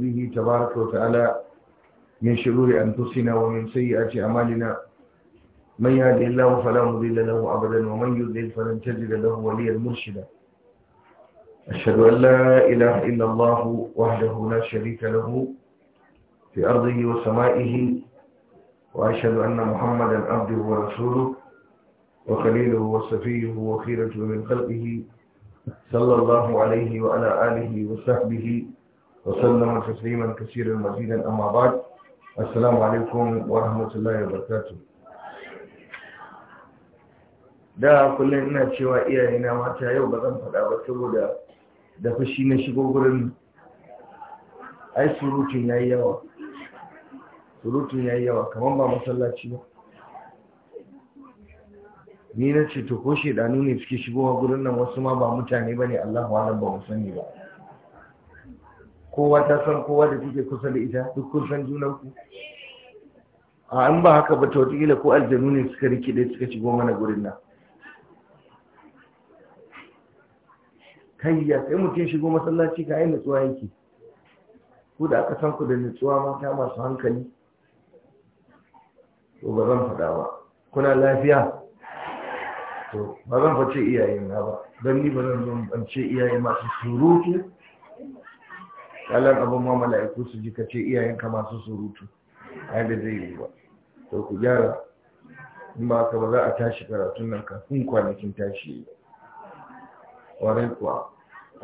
به تبارك وتعالى من شرور أنفسنا ومن سيئات أعمالنا من يهد الله فلا مضل له أبدا ومن يضلل فلن تجد له وليا مرشدا أشهد أن لا إله إلا الله وحده لا شريك له في أرضه وسمائه وأشهد أن محمدا عبده ورسوله وخليله وصفيه وخيرته من خلقه صلى الله عليه وعلى آله وصحبه وسلم تسليما كثيرا مزيدا اما بعد السلام عليكم ورحمة الله وبركاته da kullum ina cewa iyaye na mata yau ba zan faɗa ba saboda da fushi na shigo gurin ai surutun ya yi yawa surutun ya yawa kamar ba masallaci ba ni na ce to ko shedanu ne suke shigowa gurin nan wasu ma ba mutane ba ne allahu alam ba mu sani ba kowa ta san kowa da kuke kusa da ita duk kun san junanku a an ba haka ba wataƙila ko aljanu ne suka rikide suka shigo mana gurin nan kayya sai mutum shigo masallaci ka yi nutsuwa yake ku da aka san ku da nutsuwa mata masu hankali to ba zan faɗa ba kuna lafiya to ba zan face iyayen na ba don ni ba zan zo ce iyaye masu surutu kalan abin ma mala'iku su ji kace iyayenka masu surutu a da zai yi ba to ku gyara in ba ka ba za a tashi karatun nan kafin kwanakin tashi warai kuwa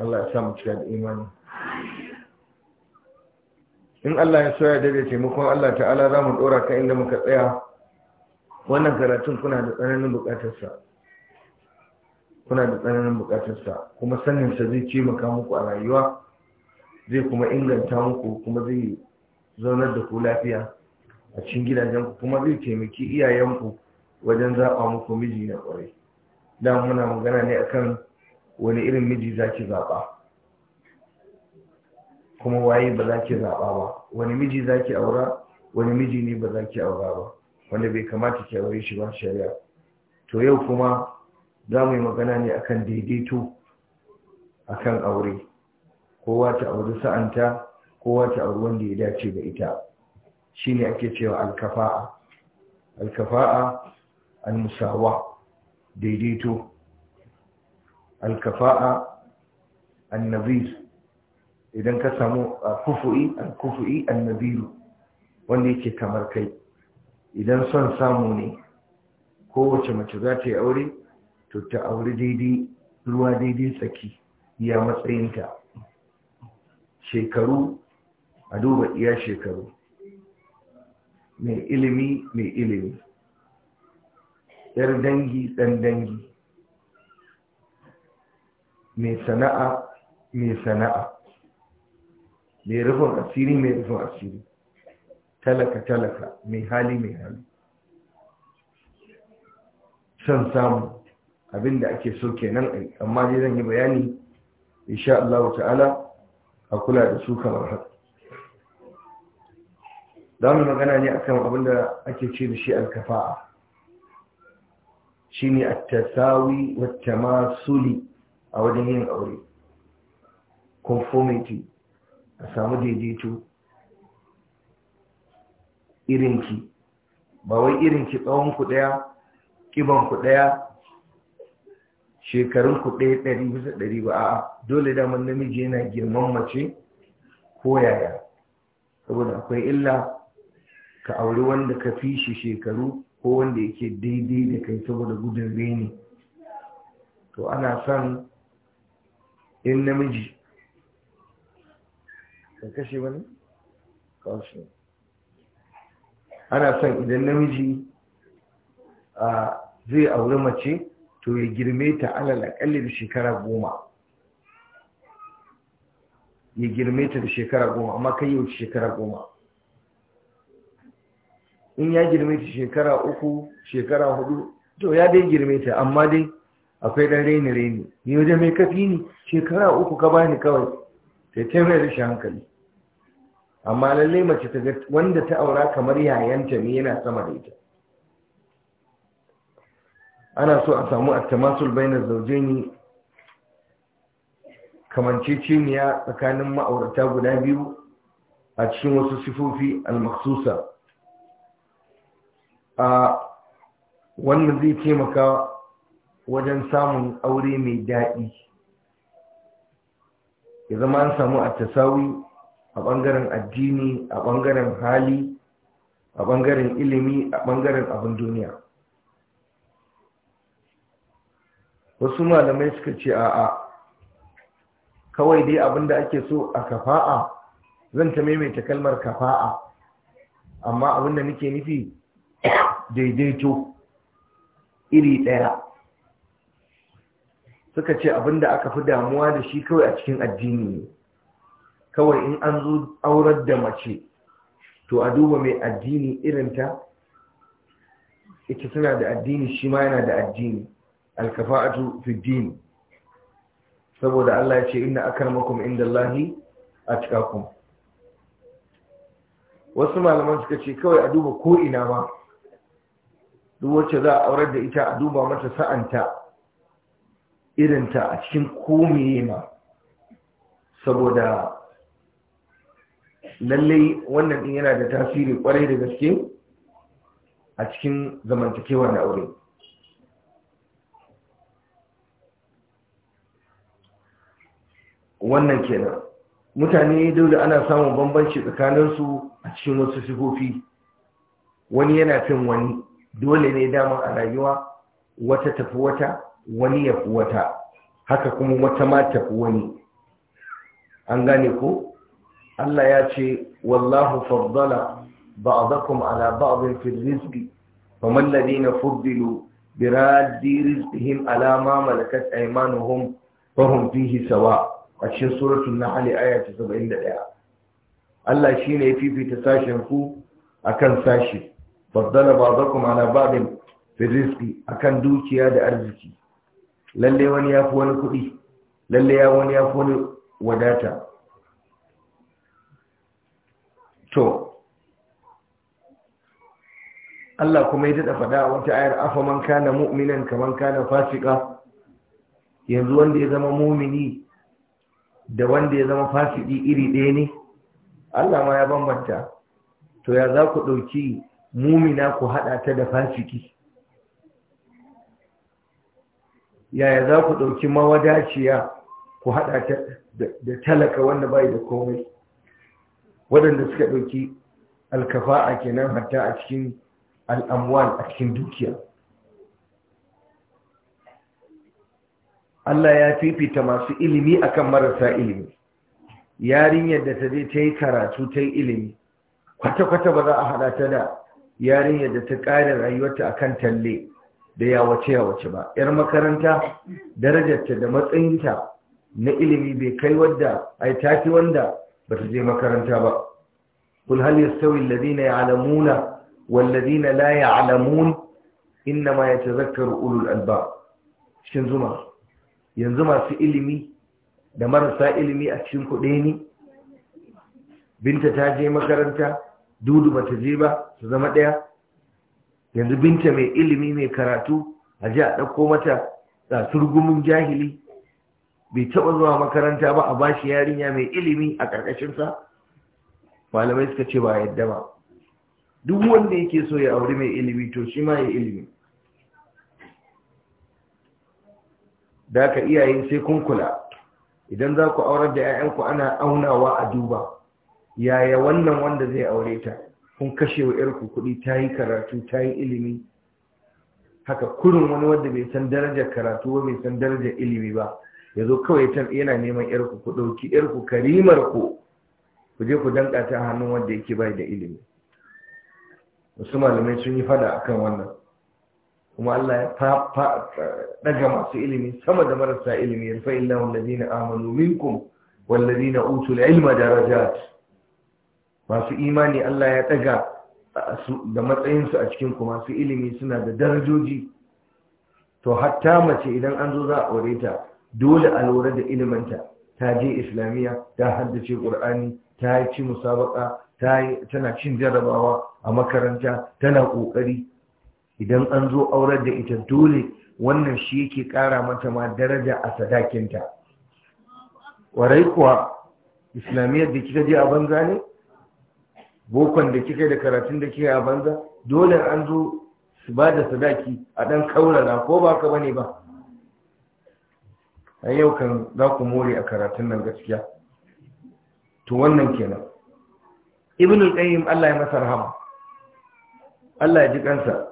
Allah ya sa mu cika da imani in Allah ya soya da da taimakon Allah ta'ala za mu dora ka inda muka tsaya wannan karatun kuna da tsananin bukatarsa kuna da tsananin bukatarsa kuma sanin sa zai ce maka muku a rayuwa zai kuma inganta muku kuma zai zaunar da ku lafiya a cikin gidajenku kuma zai taimaki iyayenku wajen zaɓa muku miji na ƙwarai da muna magana ne akan wani irin miji za ki zaɓa kuma waye ba za ki zaɓa ba wani miji za ki aura wani miji ne ba za ki aura ba wanda bai kamata ki aure shi ba shari'a to yau kuma za mu yi magana ne akan daidaito akan aure kowa ta auri sa'anta kowa ta auri wanda ya dace da ita shine ake cewa alkafa'a alkafa'a al-musawa daidaito alkafa'a annabir idan ka samu kufu'i alkufu'i annabiru wanda yake kamar kai idan son samu ne kowace mace za ta yi aure to ta auri daidai ruwa daidai tsaki ya matsayinta shekaru a duba iya shekaru mai ilimi mai ilimi yar dangi ɗan dangi mai sana'a mai sana'a mai rufin asiri mai rufin asiri talaka talaka mai hali mai hali san samu abinda ake so kenan amma dai zan yi bayani insha Allah ta'ala a kula da su kamar haka za mu magana ne akan abin da ake ce da shi alkafa'a shi ne a tasawi wata masuli a wajen yin aure conformity a samu daidaito irinki ba wai irinki tsawon ku daya kiban ku daya shekarun ku ɗaya ɗari bisa ɗari ba a'a dole daman namiji yana girman mace ko yaya saboda akwai illa ka auri wanda ka fi shi shekaru ko wanda yake daidai da kai saboda gudun reni to ana son in namiji ka kashe wani? kawashe ana son idan namiji zai auri mace to ya girme ta alal akalli da shekara goma ya girme ta da shekara goma amma kai yau shekara goma in ya girme ta shekara uku shekara hudu to ya dai girme ta amma dai akwai dan raini raini ni wajen mai kafi ne shekara uku ka bani kawai sai ta mai rashin hankali amma lallai mace ta wanda ta aura kamar yayanta ne yana sama da ita ana so a samu attamasul bainar zaujeni cimiya tsakanin ma'aurata guda biyu a cikin wasu sifofi al a wannan zai taimaka wajen samun aure mai daɗi ya zama an samu attasawi a ɓangaren addini a ɓangaren hali a ɓangaren ilimi a ɓangaren abin duniya wasu malamai suka ce a'a kawai dai abinda ake so a kafa'a zan ta maimaita kalmar kafa'a amma abinda nake nufi daidaito iri ɗaya suka ce abinda aka fi damuwa da shi kawai a cikin addini ne kawai in an zo aurar da mace to a duba mai addini irinta ita suna da addini shi ma yana da addini alkafa'atu fi din saboda Allah ya ce inna akramakum indallahi atqakum wasu malaman suka ce kawai a duba ko ina ma duk wacce za a aurar da ita a duba mata sa'anta irinta a cikin komiye ma saboda lallai wannan din yana da tasiri kwarai da gaske a cikin zamantakewar da aure wannan kenan mutane dole ana samun bambanci tsakaninsu a cikin wasu sifofi wani yana fin wani dole ne dama a rayuwa wata tafi wata wani ya fi wata haka kuma wata ma tafi wani an gane ko Allah ya ce wallahu faddala ba'dakum ala ba'din fil rizqi faman ladina fuddilu bi raddi rizqihim ala ma malakat aymanuhum fahum fihi a cikin suratul nahl aya ta 71 Allah shine ya fifita sashen ku akan sashi faddala ba'dakum ala ba'din fi rizqi akan dukiya da arziki lalle wani ya fi wani kuɗi lalle ya wani ya fi wani wadata to Allah kuma ya daɗa faɗa wata ayar afa man kana mu'minan kaman kana fasika yanzu wanda ya zama mumini da wanda ya zama fasidi iri ɗaya ne Allah ma ya bambanta to ya za ku ɗauki mumina ku haɗa ta da fasiki yaya za ku ɗauki mawadaciya ku haɗa ta da talaka wanda bai da komai waɗanda suka ɗauki alkafa alkafa'a kenan hatta a cikin al'amwal a cikin dukiya Allah ya fifita masu ilimi akan marasa ilimi yarinyar da ta je ta yi karatu ta yi ilimi kwata-kwata ba za a haɗa ta da yarinyar da ta ƙare rayuwarta akan talle da yawace-yawace ba yar makaranta darajarta da matsayinta na ilimi bai kai wadda ai tafi wanda ba ta je makaranta ba kul hal yastawi alladhina ya'lamuna wal ladina la ya'lamun inma yatadhakkaru ulul albab cikin zuma yanzu masu ilimi da marasa ilimi a cikin kuɗe ne binta ta je makaranta dudu ba ta je ba ta zama ɗaya yanzu binta mai ilimi mai karatu a ji a ɗauko mata surgumin jahili bai taɓa zuwa makaranta ba a bashi yarinya mai ilimi a ƙarƙashinsa malamai suka ce ba yadda ba duk wanda yake so ya auri mai ilimi to shi ma ya ilimi da ka iyaye sai kun kula idan za ku aure da ƴaƴanku ana aunawa a duba yaya wannan wanda zai aure ta kun kashe wa 'yarku kuɗi ta yi karatu ta yi ilimi haka kurin wani wanda bai san darajar karatu ba bai san darajar ilimi ba ya zo kawai can yana neman ƴarku ku ɗauki ƴarku karimar ku ku je ku danka ta hannun wanda yake bai da ilimi wasu malamai sun yi fada akan wannan kuma Allah ya daga masu ilimi sama da marasa ilimi ya rufa illa wallazina amanu minkum wallazina utul ilma darajat masu imani Allah ya daga da matsayinsu a cikin ku masu ilimi suna da darajoji to hatta mace idan an zo za a aure ta dole a lura da iliminta ta je islamiyya ta haddace ƙur'ani ta yi ci musabaka tana cin jarabawa a makaranta tana ƙoƙari. idan an zo aurar da ita dole wannan shi yake ƙara mata ma daraja a sadakinta warai kuwa islamiyyar da kika je a banza ne bokon da kika da karatun da kika a banza dole an zo su ba da sadaki a ɗan kaurara ko ba ka bane ba a yau kan za ku more a karatun nan gaskiya to wannan kenan ibn al-qayyim Allah ya masa rahama Allah ya ji kansa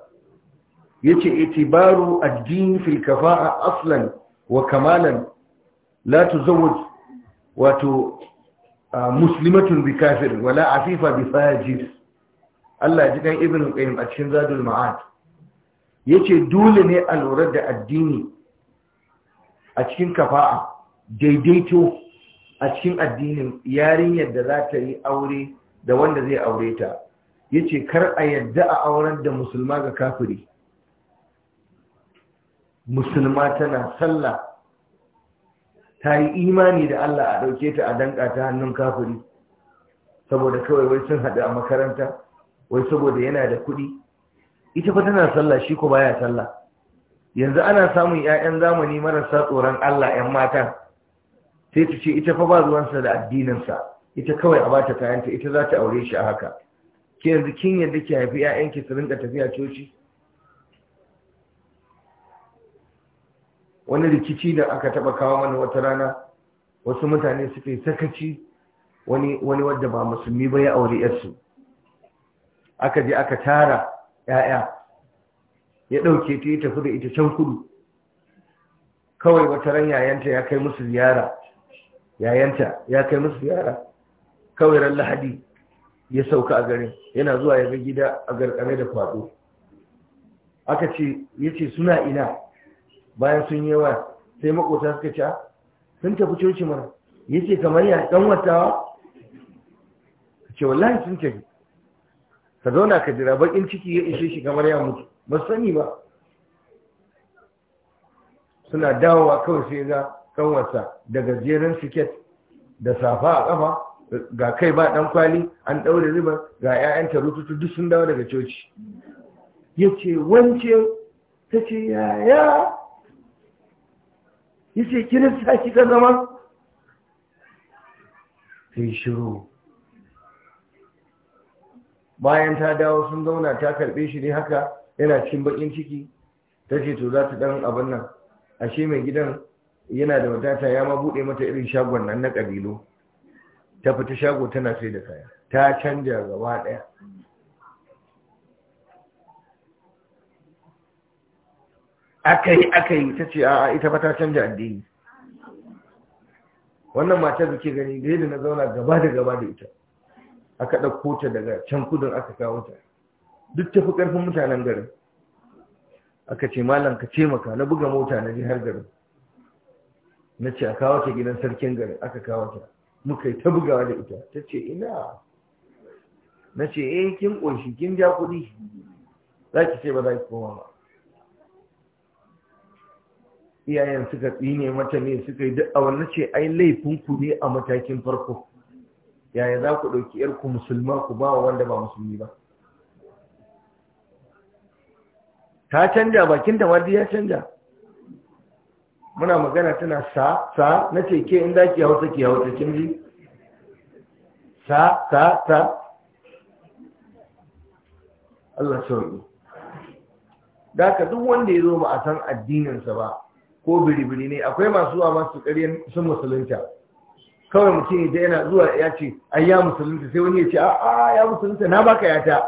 yace itibaru ad-din fil kafa'a aslan wa kamalan la tuzawwaj wato muslimatun bi kafir wala afifa bi fajir Allah ji kan ibn qayyim a cikin zadul ma'ad yace dole ne a lura da addini a cikin kafa'a daidaito a cikin addinin yarinyar da za ta yi aure da wanda zai aure ta yace kar a yadda a auren da musulma ga kafiri musulma tana sallah ta yi imani da Allah a ɗauke ta a danka ta hannun kafiri saboda kawai wai sun haɗu a makaranta wai saboda yana da kuɗi ita fa tana sallah shi ko baya sallah yanzu ana samun 'ya'yan zamani marasa tsoron Allah 'yan mata. sai ta ce ita fa ba zuwansa da addininsa ita kawai a bata kayanta ita za ta aure shi a haka ke yanzu kin yadda ke haifi 'ya'yanki su rinka tafiya coci wani rikici da aka taba kawo mana wata rana wasu mutane suke sakaci wani wani wadda ba musulmi ba ya aure yarsu aka je aka tara ya'ya ya dauke ta ya tafi da ita can kudu kawai wata ran yayanta ya kai musu ziyara yayanta ya kai musu ziyara kawai ran lahadi ya sauka a garin yana zuwa ya ga gida a garkame da kwado aka ce yace suna ina bayan sun yi yawa sai makota suka ci sun tafi coci mana Ya ce, kamar ya ɗan watawa ce wallahi sun tafi ka zauna ka jira bakin ciki ya ishe shi kamar ya mutu ba sani ba suna dawowa kawai sai ga ƙanwarsa da gajeren siket da safa a ƙafa ga kai ba ɗan kwali an ɗaure riba ga 'ya'yanta rututu duk sun dawo daga coci ya ce wance ta ce yaya yace kirista kika zama sai shiru bayan ta dawo sun zauna ta karbe shi ne haka yana cikin bakin ciki ta ce to za ta dan abin nan ashe mai gidan yana da wadata ya ma buɗe mata irin shagon nan na ƙabilu? ta fita shago tana sai da kaya ta canja gaba ɗaya aka yi aka yi ta ce a ita ba ta canja addini wannan matar da ke gani da yadda na zauna gaba da gaba da ita aka ɗauko ta daga can kudin aka kawo ta duk tafi ƙarfin mutanen garin aka ce malam ka ce maka na buga mota na jihar garin na ce a kawo ta gidan sarkin garin aka kawo ta muka yi ta bugawa da ita ta ce ina na ce eh kin ƙunshi kin ja kuɗi za ki ce ba za ki koma ba iyayen suka tsine mata ne suka yi duk a wannan ce ai laifin ku ne a matakin farko yaya za ku ɗauki ku musulma ku ba wa wanda ba musulmi ba ta canja bakin da wadi ya canja muna magana tana sa sa na ce ke inda ki hausa ki hausa kin ji sa sa sa Allah sauri da ka duk wanda ya zo ba a san addininsa ba ko biribiri ne akwai masu zuwa masu kare sun musulunta kawai mutum ya yana zuwa ya ce ai ya musulunta sai wani ya ce a'a ya musulunta na baka yata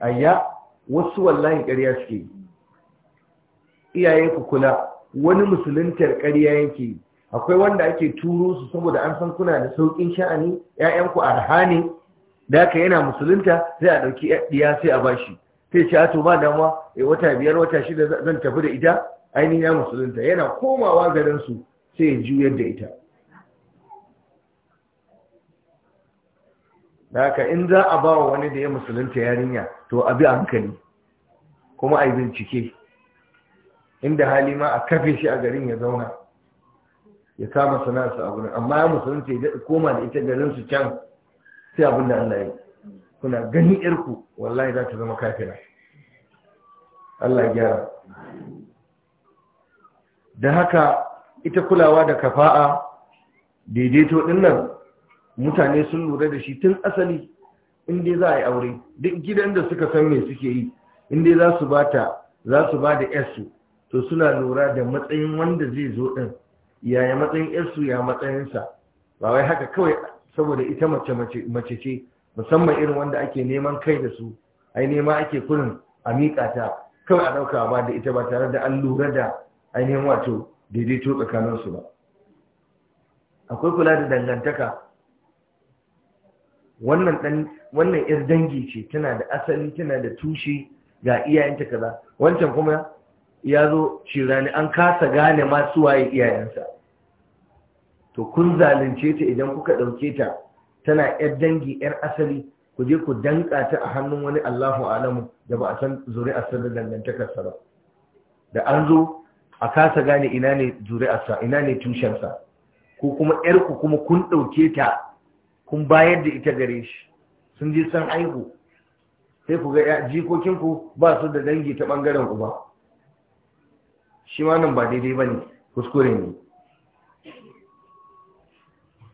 ayya wasu wallahi ƙarya suke iyaye ku kula wani musuluntar ƙarya yake akwai wanda ake turo su saboda an san kuna da saukin sha'ani ƴaƴanku arha ne da haka yana musulunta sai a ɗauki ɗiya sai a bashi sai ce to ba damuwa eh, wata biyar wata shida zan tafi da ita ainihin ya musulunta yana komawa garinsu sai ya juyar da ita da haka in za a bawa wani da ya musulunta yarinya to abi hankali kuma a yi bincike inda hali ma a kafe shi a garin ya zauna ya kama sana'arsa a gudun amma ya musulunta ya koma da ita garinsu can sai abin da Allah ya kuna gani irku wallahi za ta zama kafina. Allah ya gyara da haka ita kulawa da kafa'a daidaito nan, mutane sun lura da shi tun asali inda za a yi aure duk gidan da suka san mai suke yi inda za su ta za su ba da yarsu to suna lura da matsayin wanda zai zo din yaya matsayin yarsu ya matsayinsa ba wai haka kawai saboda ita mace mace ce musamman irin wanda ake neman kai da su ai nema ake kurin a miƙa kawai a ɗauka ba da ita ba tare da an lura da ainihin wato daidaito tsakaninsu ba akwai kula da dangantaka wannan yar dangi ce tana da asali tana da tushe ga iyayenta kaza wancan kuma ya zo shirani an kasa gane masu waye iyayensa to kun zalunce ta idan kuka ɗauke ta tana yar dangi yar asali ku je ku danka ta a hannun wani Allahu alamu da ba a san a da dangantakarsa ba da an zo a kasa gane ina ne zuri'arsa ina ne tushensa ko kuma 'yarku kuma kun ɗauke ta kun bayar da ita gare shi sun je san aihu sai ku ga jikokinku ba su da dangi ta ɓangaren uba shi ma nan ba daidai ba ne kuskure ne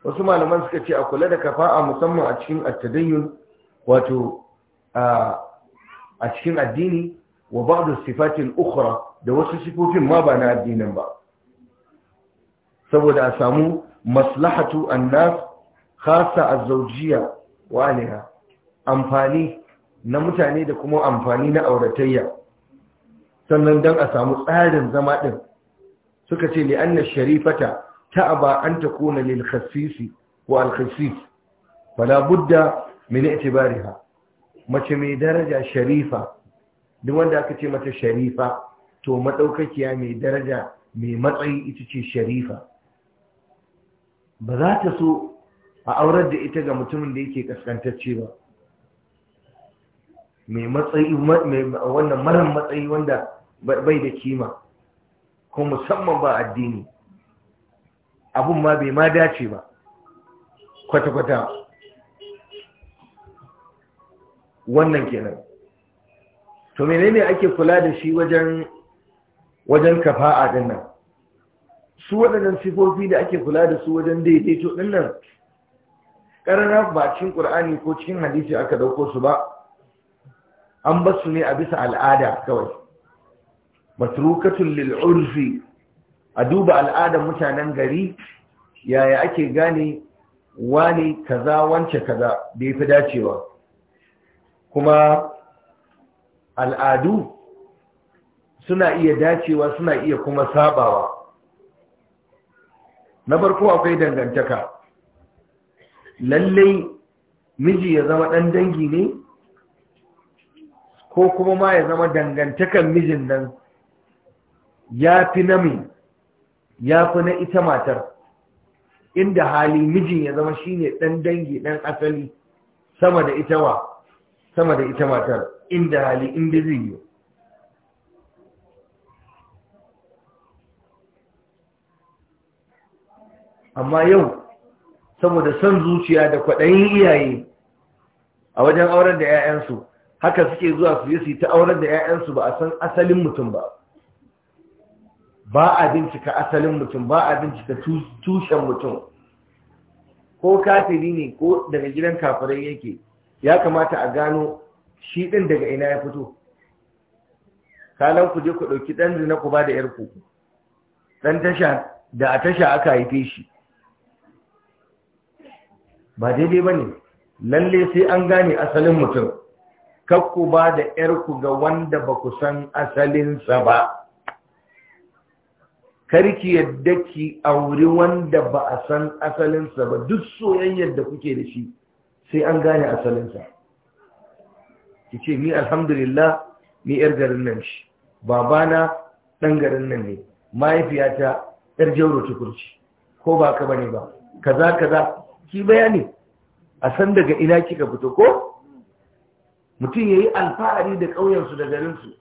wasu malaman suka ce a kula da kafa'a musamman a cikin attadayyun wato a cikin addini wa ba'du sifatin ukhra da wasu sifofin ma ba na addinin ba saboda a samu maslahatu annas khasa azzaujiyya wa aliha amfani na mutane da kuma amfani na auratayya sannan dan a samu tsarin zama din suka ce li anna sharifata ta'aba an takuna lil khassisi wa al khassis fala budda min i'tibariha mace mai daraja sharifa duk wanda aka ce mata sharifa to maɗaukakiya mai daraja mai matsayi ita ce sharifa ba za ta so a aurar da ita ga mutumin da yake kaskantacce ba mai matsayi wannan marar matsayi wanda bai da kima ko musamman ba addini abun ma bai ma dace ba kwata-kwata wannan kenan to menene ake kula da shi wajen wajen kafa'a din nan su waɗannan sifofi da ake kula da su wajen daidaito din nan ƙarara ba cikin ƙur'ani ko cikin hadisi aka ɗauko su ba an ba su ne a bisa al'ada kawai matrukatun lil'urfi a duba al'adar mutanen gari yaya ake gane wani kaza wance kaza da ya fi dacewa kuma al'adu suna iya dacewa suna iya kuma sabawa na farko akwai dangantaka lallai miji ya zama ɗan dangi ne ko kuma ma ya zama dangantakan mijin nan ya fi na mai ya fi na ita matar inda hali mijin ya zama shine ɗan dangi ɗan asali sama da ita wa sama da ita matar inda hali inda zai yi amma yau saboda son zuciya da kwaɗayin iyaye a wajen auren da 'ya'yansu haka suke zuwa su yi ta auren da 'ya'yansu ba a san asalin mutum ba ba a bincika asalin mutum ba a bincika tushen mutum ko kafiri ne ko daga gidan kafirai yake ya kamata a gano shi ɗin daga ina ya fito kalan ku je ku ɗauki ɗan zina ku ba da 'yarku ɗan tasha da a tasha aka haife shi ba daidai ba ne lalle sai an gane asalin mutum kakku ba da ‘yarku ga wanda ba ku san asalinsa ba karki yadda ki auri wanda ba a san asalinsa ba duk soyayyar da kuke da shi sai an gane asalinsa ki ce ni alhamdulillah ni ‘yar garin nan shi babana ɗan garin nan ne mahaifiyata ‘yar jauro tukurci ko ba ka ne ba kaza kaza ki bayani a san daga ina kika fito ko mutum ya yi alfahari da ƙauyensu da garinsu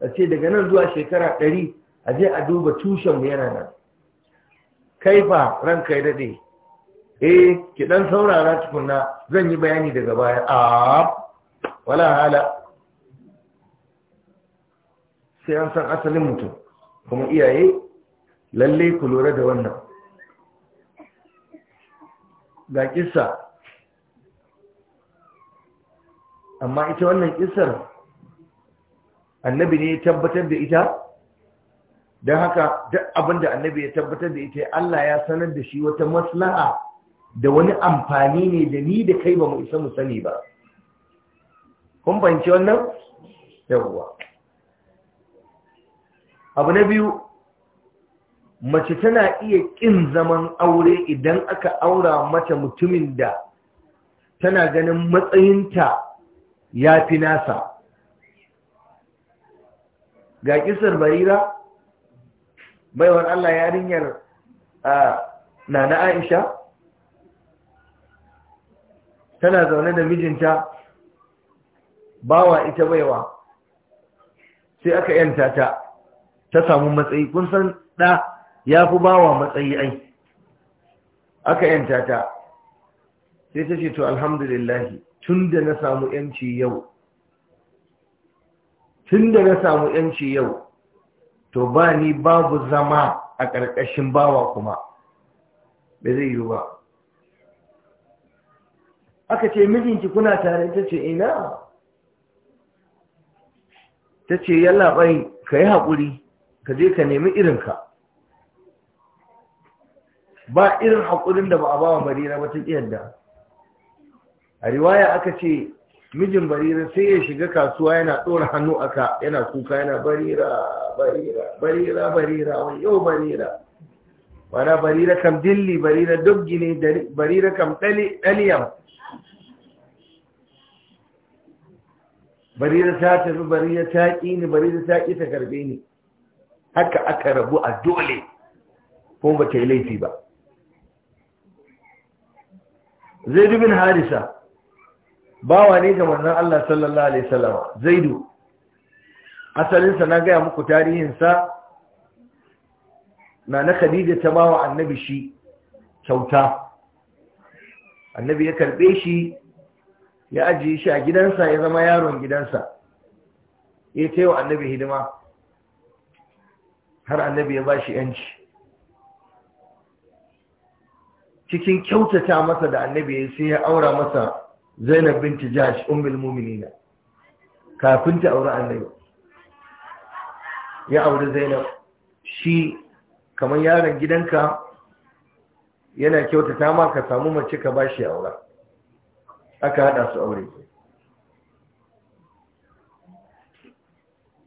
a ce daga nan zuwa shekara ɗari a je a duba tushen yana nan kaifa ran kai daɗe eh ki ɗan saurara tukuna zan yi bayani daga baya a wala hala sai an san asalin mutum kuma iyaye lalle ku lura da wannan ga kissa amma ita wannan kissar annabi ne ya tabbatar da ita don haka duk abinda annabi ya tabbatar da ita Allah ya sanar da shi wata maslaha da wani amfani ne da ni da kai ba mu isa mu sani ba kun fahimci wannan yawwa abu na biyu mace tana iya ƙin zaman aure idan aka aura mata mutumin da tana ganin matsayinta ya fi nasa ga kisar barira baiwar Allah yarinyar na na aisha tana zaune da mijinta bawa ita baiwa sai aka yanta ta ta samu matsayi kun san ɗa ya fi bawa matsayi ai aka yanta ta sai ta ce to alhamdulillahi tun da na samu yanci yau tun da na samu yanci yau to ba ni babu zama a ƙarƙashin bawa kuma ba zai yiwu ba aka ce mijinki kuna tare ta ce ina ta ce yalla bai ka yi haƙuri ka je ka nemi irinka ba irin haƙurin da ba a bawa barira ba ta yadda a riwaya aka ce mijin barira sai ya shiga kasuwa yana ɗora hannu aka yana kuka yana barira barira barira barira Wani yau barira wana barira kam dilli barira duk gini barira kam ɗaliyam barira ta tafi barira ta ƙi ni barira ta ƙi ta karbe ni haka aka rabu a dole kuma ba ta yi laifi ba zaidu bin harisa bawa ne ga manzon Allah sallallahu alaihi wasallam zaidu asalinsa na gaya muku tarihinsa na na khadija ta bawa annabi shi kyauta annabi ya karbe shi ya ajiye shi a gidansa ya zama yaron gidansa ya ce annabi hidima har annabi ya bashi shi yanci cikin kyautata masa da annabi ya sai ya aura masa zainab binti jash ummul mu'minina kafin ta aure annabi ya aure zainab shi kamar yaron gidanka yana kyautata ma ka samu mace ka bashi aura aka hada su aure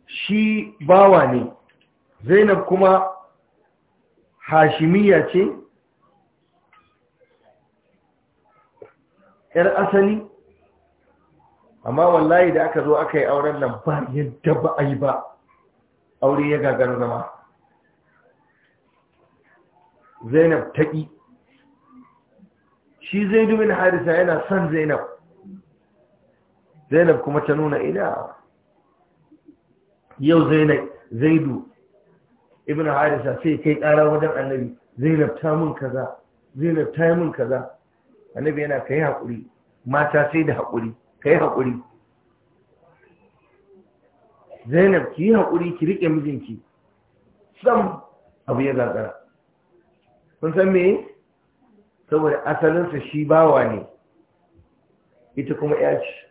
shi bawa ne zainab kuma hashimiyya ce 'yar asali amma wallahi da aka zo aka yi auren nan ba yadda ba a yi ba aure ya gagara zama zainab taƙi shi zaidu bin harisa yana son zainab zainab kuma ta nuna ina yau zainab zaidu ibn harisa sai kai ƙara wajen annabi zainab ta mun kaza zainab ta yi mun kaza annabi yana kai haƙuri mata sai da haƙuri kai haƙuri zainab ki hakuri ki riƙe mijinki sam abu ya zaƙara. kun san me saboda asalinsa shi bawa ne ita kuma ya ce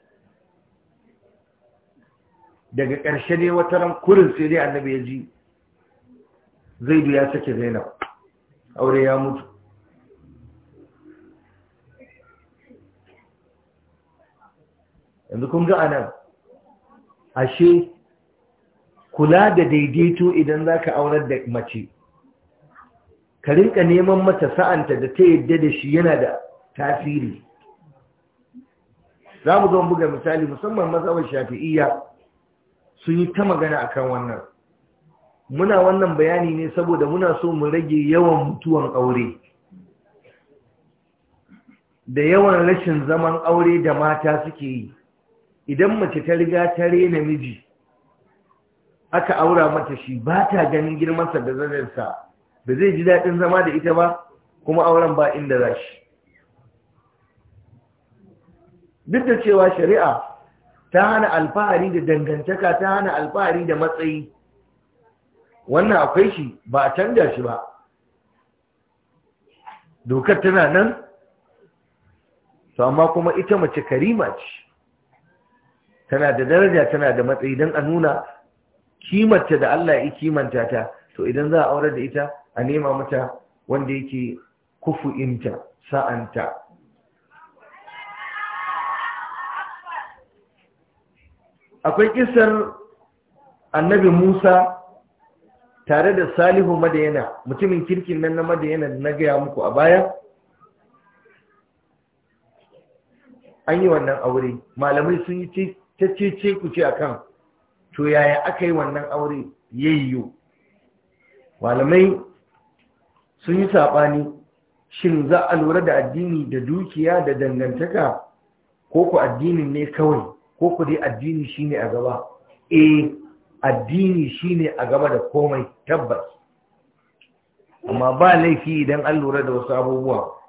daga ƙarshe ne wata ran kurin sai dai annabi ya ji zaidu ya sake zainab aure ya mutu yanzu kun ga anan ashe kula da daidaito idan za ka aurar da mace ka rinka neman mata sa'anta da ta yadda da shi yana da tasiri za mu zama buga misali musamman mazhabar shafi'iyya sun yi ta magana a kan wannan muna wannan bayani ne saboda muna so mu rage yawan mutuwan aure da yawan rashin zaman aure da mata suke yi idan mace ta riga ta rena miji aka aura mata shi ba ta ganin girmansa da zanensa da zai ji daɗin zama da ita ba kuma auren ba inda za shi duk da cewa shari'a ta hana alfahari da dangantaka ta hana alfahari da matsayi wannan akwai shi ba a canja shi ba dokar tana nan to amma kuma ita mace karima ce tana da daraja tana da matsayi don a nuna kimanta da Allah ya kimanta ta to idan za a aure da ita a nema mata wanda yake kufu'inta sa'anta akwai kisar annabi Musa tare da Salihu Madayana mutumin kirkin nan na Madayana na gaya muku a baya an yi wannan aure malamai sun yi ta cece ku ce akan to yaya aka yi wannan aure yayyo malamai sun yi saɓani shin za a lura da addini da dukiya da dangantaka ko ku addinin ne kawai ko ku dai addini shine a gaba eh addini shine a gaba da komai tabbas amma ba laifi idan an lura da wasu abubuwa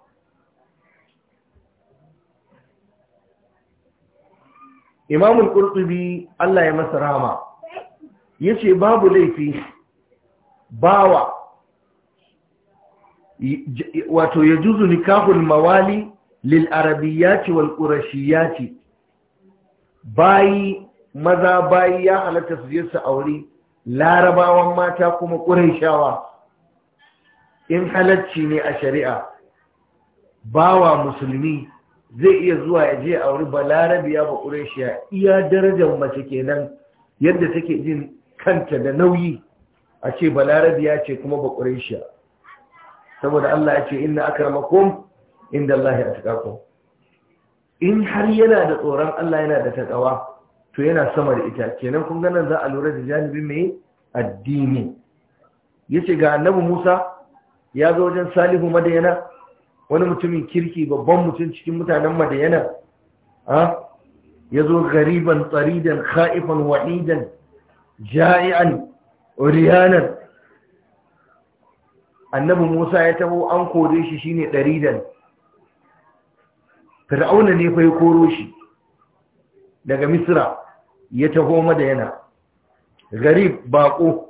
imamun ƙurtubi Allah ya masa rama ya ce babu laifi bawa wato ya juzu nikahul mawali lil arabiyyaci wal ce. bayi maza bayi ya halatta su je aure larabawan mata kuma qurayshawa in halacci ne a shari'a bawa musulmi zai iya zuwa ya je a wuri balarabiya ba ƙureshiya iya darajar mace kenan yadda take jin kanta da nauyi a ce balarabiya ce kuma ba ƙureshiya saboda Allah ya ce inna akramakum inda Allah ya in har yana da tsoron Allah yana da takawa to yana sama da ita kenan kun ganin za a lura da janibi mai addini yace ga annabi Musa ya zo wajen Salihu Madayana wani mutumin kirki babban mutum cikin mutanen madayana a ya zo gariban tsaridan ha'ifan wa'idan ja'ian riyanan annabi musa ya tabo an kore shi shine ɗaridan fir'auna ne fai koro shi daga misra ya taho madayana garib baƙo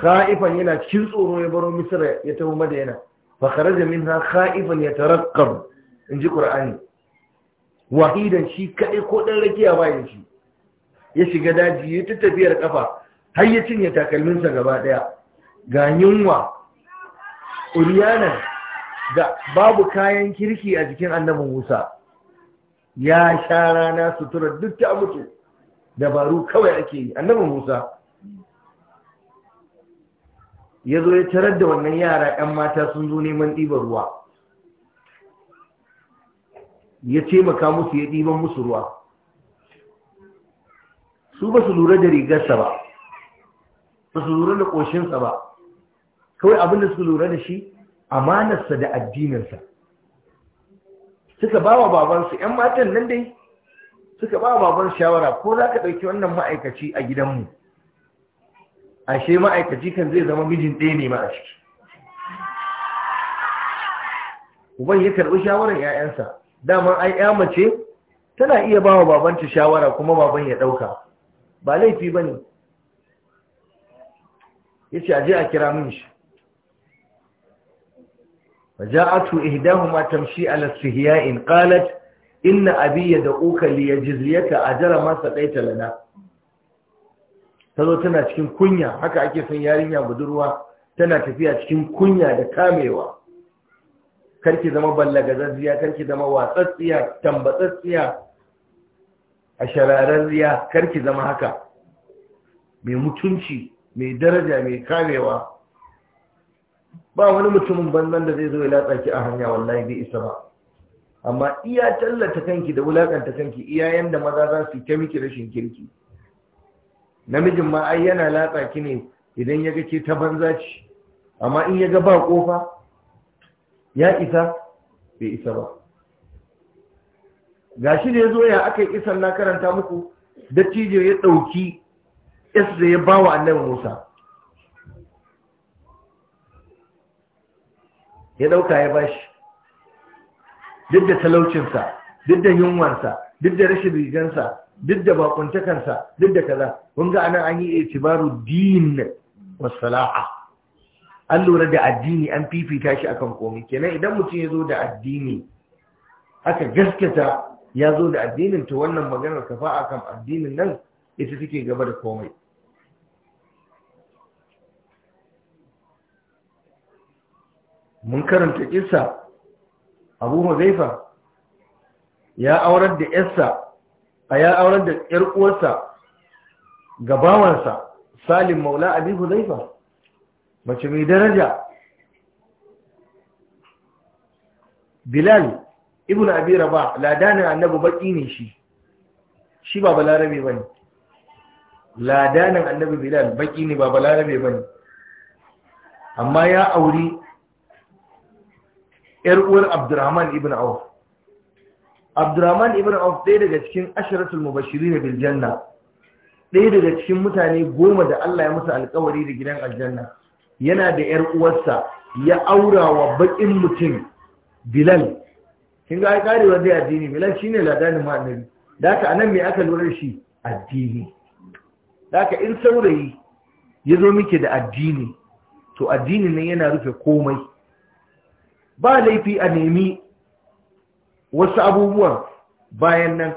ka'ifan yana cikin tsoro ya baro misra ya taho madayana fa kharaja minha khaifan yatarakkab inji qur'ani wahidan shi kaɗai ko dan rakiya bayan shi ya shiga daji ya ta tafiyar kafa har ya cinye takalminsa gaba daya ga yunwa uriyanan ga babu kayan kirki a jikin annabin musa ya sha rana sutura duk ta mutu dabaru kawai ake yi annabin musa ya zo ya tarar da wannan yara 'yan mata sun zo neman ɗiban ruwa ya taimaka musu ya ɗiban musu ruwa su ba su lura da rigarsa ba ba su lura da ƙoshinsa ba kawai abin da suka lura da shi amanarsa da addininsa suka ba wa babansu 'yan matan nan dai suka ba wa baban shawara ko za ka ɗauki wannan ma'aikaci a gidanmu ashe ma'aikaci kan zai zama mijin ɗaya ne ma a ciki uban ya karɓi shawarar 'ya'yansa dama ai ya mace tana iya ba wa babanta shawara kuma baban ya ɗauka ba laifi ba ne ya ce aje a kira min shi ƙalat, إهداهما تمشي على da قالت إن أبي يدعوك ليجزيك أجر ما سقيت لنا ta zo tana cikin kunya haka ake son yarinya budurwa tana tafiya cikin kunya da kamewa karki zama ballagazazziya karki zama watsatsiya tambatsatsiya a kar karki zama haka mai mutunci mai daraja mai kamewa ba wani mutumin banzan da zai zo ya latsa ki a hanya wallahi bai isa ba amma iya tallata kanki da wulakanta kanki iyayen da maza za su yi ta miki rashin kirki namijin ma ai yana latsa ki ne idan ya ga ke ta banza ci amma in ya ga ba kofa ya isa bai isa ba gashi da ya zo ya aka yi isan na karanta muku dattijo ya ɗauki is da ya ba wa annabi musa ya ɗauka ya bashi duk da talaucinsa duk da yunwansa, duk da rashin rigansa duk da bakuntakansa duk da kaza kun ga anan an yi itibaru din wa salaha an lura da addini an fifita shi akan komai kenan idan mutum ya zo da addini aka gaskata ya zo da addinin to wannan maganar kafa akan addinin nan ita take gaba da komai mun karanta kissa abu huzaifa ya aurar da yarsa a ya auren da ‘yar uwarsa ga bawansa salim maula abi huzaifa mace mai daraja bilal ibn abi raba ladanin annabi baki ne shi shi ba balarabe ba ne ladanin annabi bilal baki ne ba balarabe ba ne amma ya auri ‘yar uwar abdurrahman ibn auf abdurrahman ibn auf ɗaya daga cikin asharatul mubashirin da Biljanna, ɗaya daga cikin mutane goma da Allah ya musu alkawari da gidan aljanna yana da yar uwarsa ya aura wa bakin mutum bilal kin ga karewar dai addini bilal shine ladanin annabi da a anan me aka lura shi addini da in saurayi ya zo miki da addini to addini nan yana rufe komai ba laifi a nemi wasu abubuwan bayan nan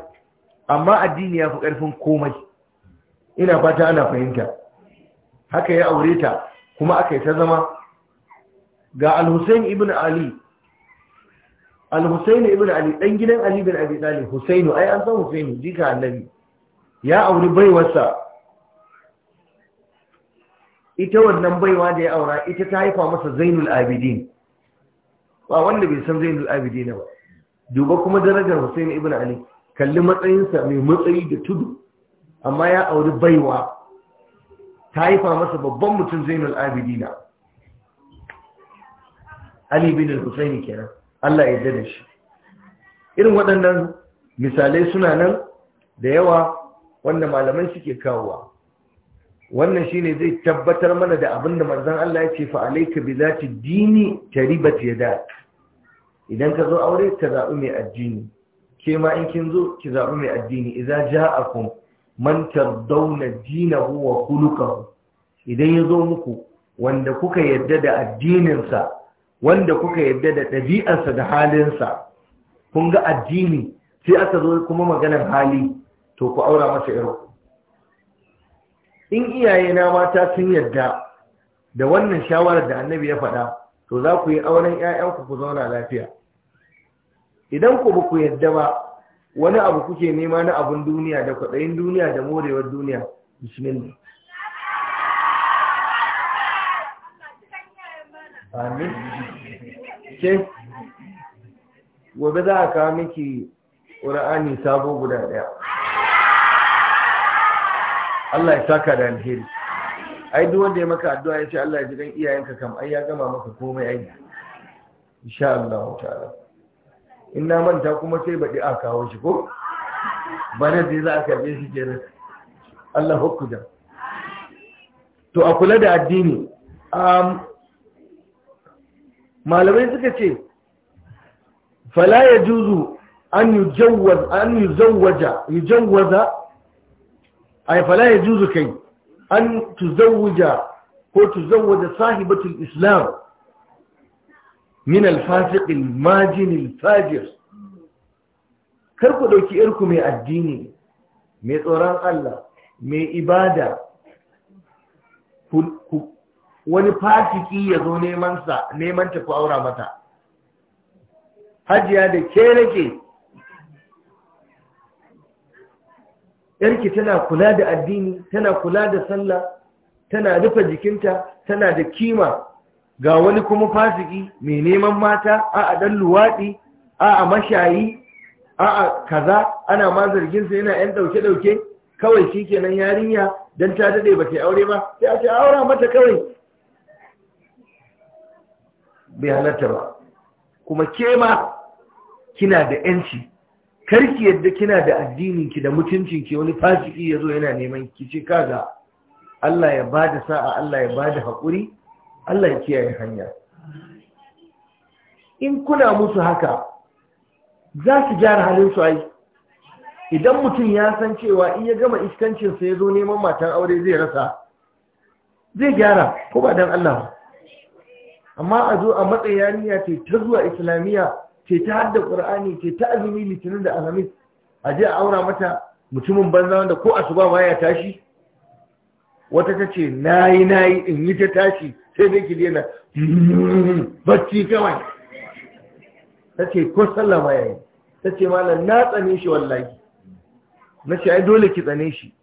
amma addini ya fi ƙarfin komai ina fata ana fahimta haka ya aure ta kuma aka yi ta zama ga al ibn Ali al ibn Ali ɗan gidan Ali bin Abi Talib Husainu ai an san Husainu jika annabi ya auri baiwarsa ita wannan baiwa da ya aura ita ta haifa masa Zainul Abidin ba wanda bai san Zainul Abidin ba duba kuma darajar Hussein ibn Ali kalli matsayinsa mai matsayi da tudu amma ya auri baiwa ta haifa masa babban mutum Zainul Abidina Ali bin Hussein kenan Allah ya yarda da shi irin waɗannan misalai suna nan da yawa wanda malaman suke kawowa wannan shine zai tabbatar mana da abinda manzon Allah ya ce fa alayka bi zati dini taribat yadak idan ka zo aure ka zaɓi mai addini ke ma in kin zo ki zaɓi mai addini Iza a kun mantar daunar dina wa kuluka. idan ya zo muku wanda kuka yadda da addininsa wanda kuka yadda da ɗabi'arsa da halinsa kun ga addini sai aka zo kuma maganar hali to ku aura masa yaro. in iyayena mata sun yadda da wannan shawarar da annabi ya faɗa to za ku yi auren 'ya'yanku ku zauna lafiya idan ku ba ku yadda ba wani abu kuke nema na abun duniya da kwaɗayin duniya da morewar duniya bismillah amin ke gobe za a kawo miki ƙura'ani sabo guda ɗaya Allah ya saka da alheri ai duk wanda ya maka addu'a ya ce Allah ya ji kan iyayenka kam ai ya gama maka komai ai insha Allah ta'ala inna manta kuma sai baɗi a kawo shi ko bana dai za a karbe shi kenan Allah hukuda to a kula da addini um, malamai suka ce fala ya juzu an yujawwaza an yujawwaza yujawwaza ay fala ya juzu kai an tuzawuja ko tuzawuja sahibatul islam min alfasiq almajin alfajir kar ku dauki yarku mai addini mai tsoron Allah mai ibada wani fasiki ya zo neman sa neman ta ku aura mata hajiya da ke nake yarki tana kula da addini tana kula da sallah tana rufe jikinta tana da kima ga wani kuma fasiki mai neman mata a a dan luwaɗi a a mashayi a a kaza ana ma zargin sa yana yan dauke dauke kawai shi shikenan yarinya dan ta dade ba ta aure ba sai a ce aura mata kawai bai halatta ba kuma ke ma kina da yanci karki yadda kina da addininki da mutuncinki wani fasiki ya zo yana neman ki ce kaga Allah ya ba da sa'a Allah ya ba da haƙuri Allah ya kiyaye hanya in kuna musu haka za su gyara halin su ai idan mutum ya san cewa in ya gama iskancinsa ya zo neman matan aure zai rasa zai gyara ko ba don Allah amma a zo a matsayin yarinya ce ta zuwa islamiyya ce ta hadda qur'ani ce ta azumi litinin da alhamis a je a aura mata mutumin banza wanda ko asuba baya tashi wata ta ce nayi nayi in yi ta tashi sai dai ki daina bacci kawai ta ce ko sallah baya yi ta ce malam na tsane shi wallahi na ce ai dole ki tsane shi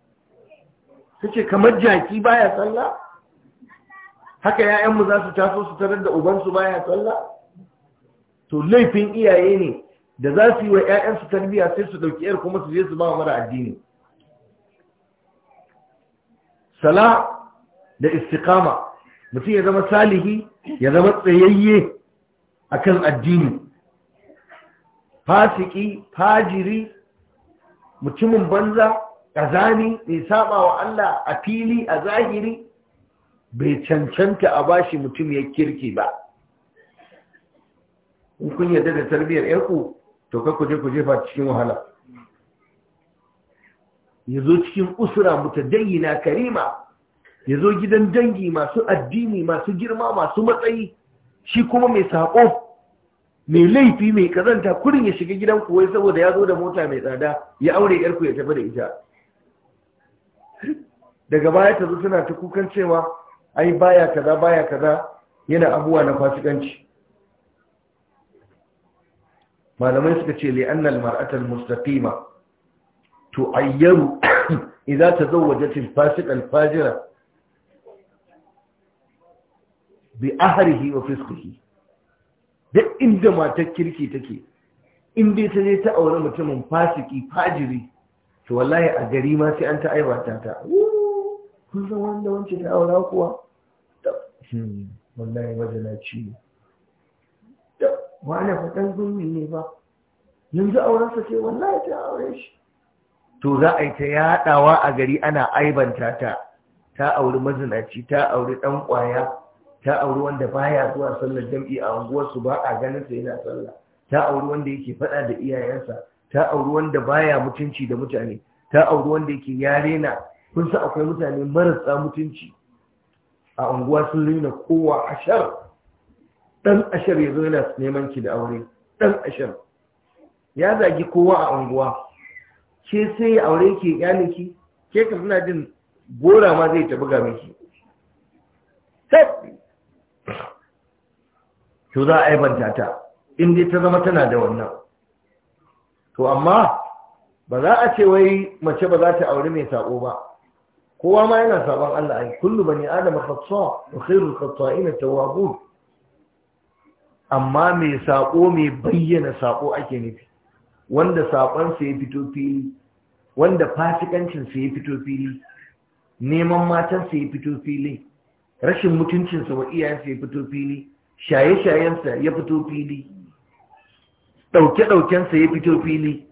ta ce kamar jaki baya sallah haka 'ya'yanmu za su taso su tarar da ubansu baya sallah to laifin iyaye ne da za su yi wa 'ya'yansu tarbiyya sai su ɗauki 'yar kuma su je su ba mara addini sala da istiqama mutum ya zama salihi ya zama tsayayye a kan addini fasiki fajiri mutumin banza ƙazani mai saba wa Allah a fili a zahiri bai cancanta a bashi mutum ya kirki ba in kun yarda da tarbiyyar yarku to ka kuje-kuje ku cikin wahala ya zo cikin usura mutadayyina karima ya zo gidan dangi masu addini masu girma masu matsayi shi kuma mai saƙo mai laifi mai kazanta kurin ya shiga gidan wai saboda ya zo da mota mai tsada ya aure yarku ya tafi da ita daga baya ta zo tana ta kukan cewa ai baya kaza baya kaza yana abuwa na fasikanci malamai suka ce li'anna al-mar'ata al-mustaqima tu'ayyaru idza tazawwajat al-fasiq al-fajira bi ahrihi wa fisqihi duk inda matar kirki take in dai ta je ta aure mutumin fasiki fajiri to wallahi a gari ma sai an ta aibata ta kun san wanda wance ta aura kuwa hmm, wallahi na ciwo wane fa ɗan ne ba yanzu aurensa ce wallahi ta aure shi to za a yi ta yaɗawa a gari ana aibanta ta ta auri mazinaci ta auri ɗan ƙwaya ta auri wanda baya zuwa sallar jam'i a unguwarsu ba a ganin sa yana sallah ta auri wanda yake faɗa da iyayensa ta auri wanda baya mutunci da mutane ta auri wanda yake yare na kun san akwai mutane marasa mutunci a unguwa sun rina kowa ashar Ɗan ashar ya zo yana neman ki da aure dan ashar ya zagi kowa a unguwa ke sai ya aure ki yanin ki ke ka suna jin gora ma zai tabi ga miki to za a aibanta ta in dai ta zama tana da wannan to amma ba za a ce wai mace ba za ta aure mai sako ba kowa ma yana sabon Allah ai kullu bani adama khata wa khairu khata'ina tawwabun amma mai saƙo mai bayyana saƙo ake nufi wanda saƙonsa ya fito fili wanda fasikancinsa ya fito fili neman matansa ya fito fili rashin mutuncinsa wa iyayensa ya fito fili shaye-shayensa ya fito fili ɗauke-ɗaukensa ya fito fili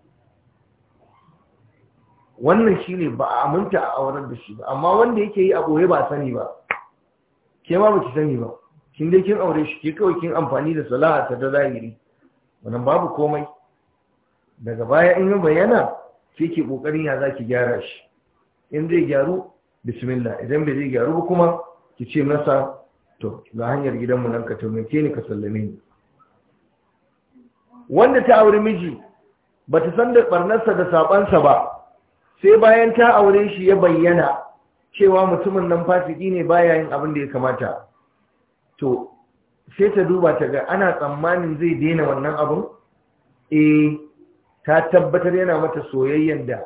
wannan shi ne ba a aminta a auren da shi ba amma wanda yake yi a ɓoye ba sani ba ke ma ba ki sani ba kin dai kin aure shi ke kawai kin amfani da salaha ta da zahiri wannan babu komai daga baya in yi bayyana sai ke kokarin ya zaki gyara shi in zai gyaru bismillah idan bai zai gyaru ba kuma ki ce masa to ga hanyar gidanmu nan ka taimake ni ka sallame ni wanda ta aure miji ba ta san da barnarsa da sabansa ba sai bayan ta aure shi ya bayyana cewa mutumin nan fasiki ne baya yin abin da ya kamata to sai ta duba ta ga ana tsammanin zai daina wannan abin eh ta tabbatar yana mata soyayyen da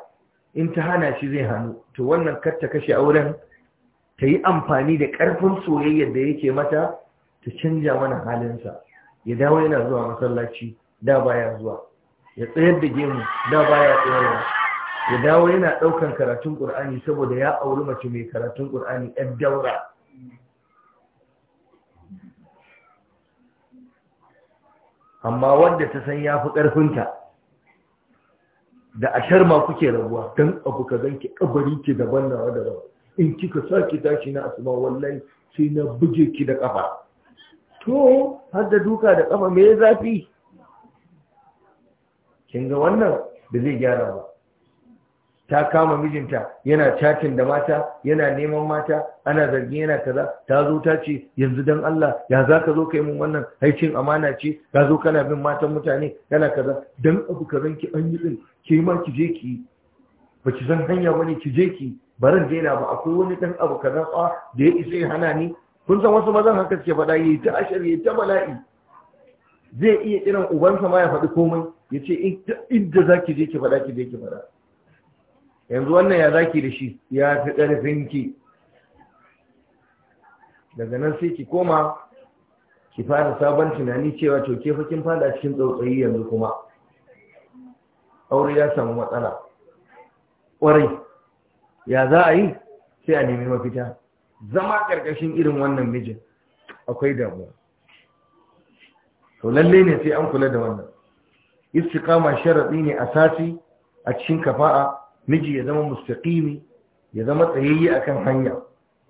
in ta hana shi zai hannu to wannan kar ta kashe auren ta yi amfani da ƙarfin soyayyar da yake mata ta canja mana halinsa ya dawo yana zuwa masallaci da baya zuwa ya tsayar da gemu da baya tsayarwa ya dawo yana ɗaukan karatun ƙur'ani saboda ya auri mace mai karatun ƙur'ani 'yan daura amma wanda ta san ya fi ƙarfinta da a sharma kuke rabuwa don abu ka zanki ƙabari ke daban na in kika sake tashi na asuma wallai sai na buge ki da ƙafa to har da duka da ƙafa me zafi kin ga wannan da zai gyara ba ta kama mijinta yana chatin da mata yana neman mata ana zargi yana kaza ta zo ta ce yanzu dan Allah ya za ka zo ka mun wannan haicin amana ce ka zo kana bin matan mutane kana kaza dan abu ka ranki an yi din ke ma ki je ki ba ki san hanya bane ki je ki baran daina ba akwai wani dan abu kaza fa da ya isa ya hana ni kun san wasu mazan haka suke faɗa yi ta ashar yi ta bala'i zai iya kiran ubansa ma ya faɗi komai ya ce inda za ki je ki faɗa ki je ki faɗa yanzu wannan ya zaki da shi ya fi ƙarfin ki daga nan sai ki koma ki fara sabon tunani cewa to ke fakin fada cikin tsautsayi yanzu kuma aure ya samu matsala ƙwarai ya za a yi sai a nemi mafita zama ƙarƙashin irin wannan mijin akwai damuwa to lallai ne sai an kula da wannan istiqama sharaɗi ne a sati a cikin kafa'a miji ya zama mustaqimi ya zama tsayayye akan hanya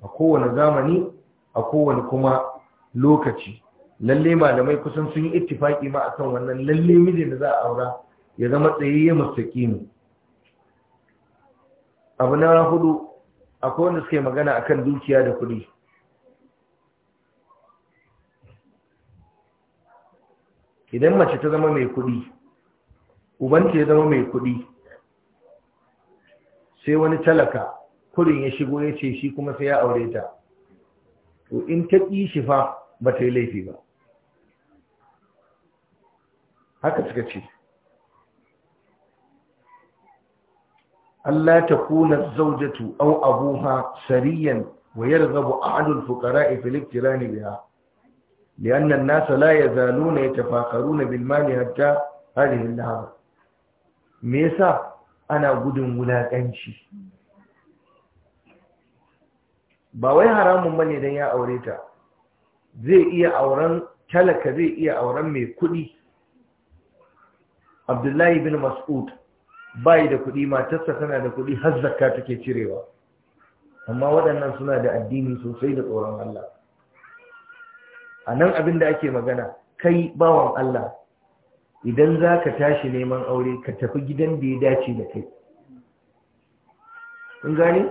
a kowane zamani a kowane kuma lokaci lalle malamai kusan sun yi ittifaki ma akan wannan lalle miji da za a aura ya zama tsayayye mustaqimi abu na hudu akwai wanda suke magana akan dukiya da kuɗi idan mace ta zama mai kuɗi ubanta ya zama mai kuɗi sai wani talaka kurin ya shigo ya ce shi kuma sai ya aure ta to in ta ƙi shi fa ba ta yi laifi ba haka suka ce Allah ta kuna zaujatu au abuha sariyan wa yarzabu ahadul fuqara'i fil iktirani biha لأن الناس لا يزالون يتفاخرون بالمال حتى هذه me ميسا ana gudun wulaƙanci ba wai haramun bane don ya aure ta zai iya auren talaka zai iya auren mai kuɗi abdullahi bin mas'ud bai da kuɗi matarsa tana da kuɗi har zakka take cirewa amma waɗannan suna da addini sosai da tsoron Allah a nan abin da ake magana kai bawan Allah idan za ka tashi neman aure ka tafi gidan da ya dace da kai kun gani?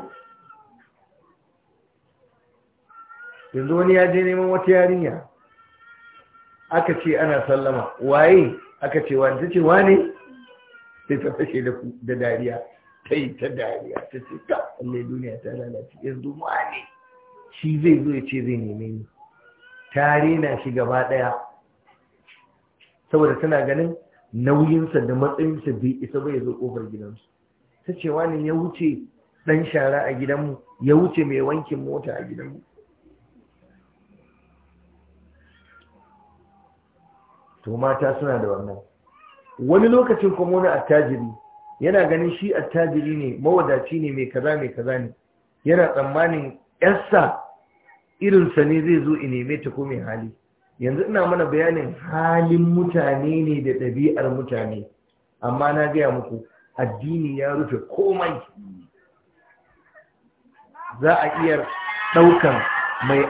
yanzu wani ya je neman wata yarinya aka ce ana sallama waye aka ce wani ta ce wani sai ta fashe da dariya ta yi ta dariya ta ce ta allai duniya ta lalace yanzu wani shi zai zo ya ce zai neme ni Tare na shi gaba ɗaya. saboda tana ganin nauyinsa da matsayinsa bai isa bai zo kofar gidansu ta ce wani ya wuce dan shara a gidanmu ya wuce mai wankin mota a gidanmu to mata suna da wannan wani lokacin kuma wani attajiri yana ganin shi attajiri ne mawadaci ne mai kaza mai kaza ne yana tsammanin yarsa irinsa ne zai zo in ta ko mai hali yanzu ina mana bayanin halin mutane ne da ɗabi'ar mutane amma na gaya muku addini ya rufe komai za a iya ɗaukan mai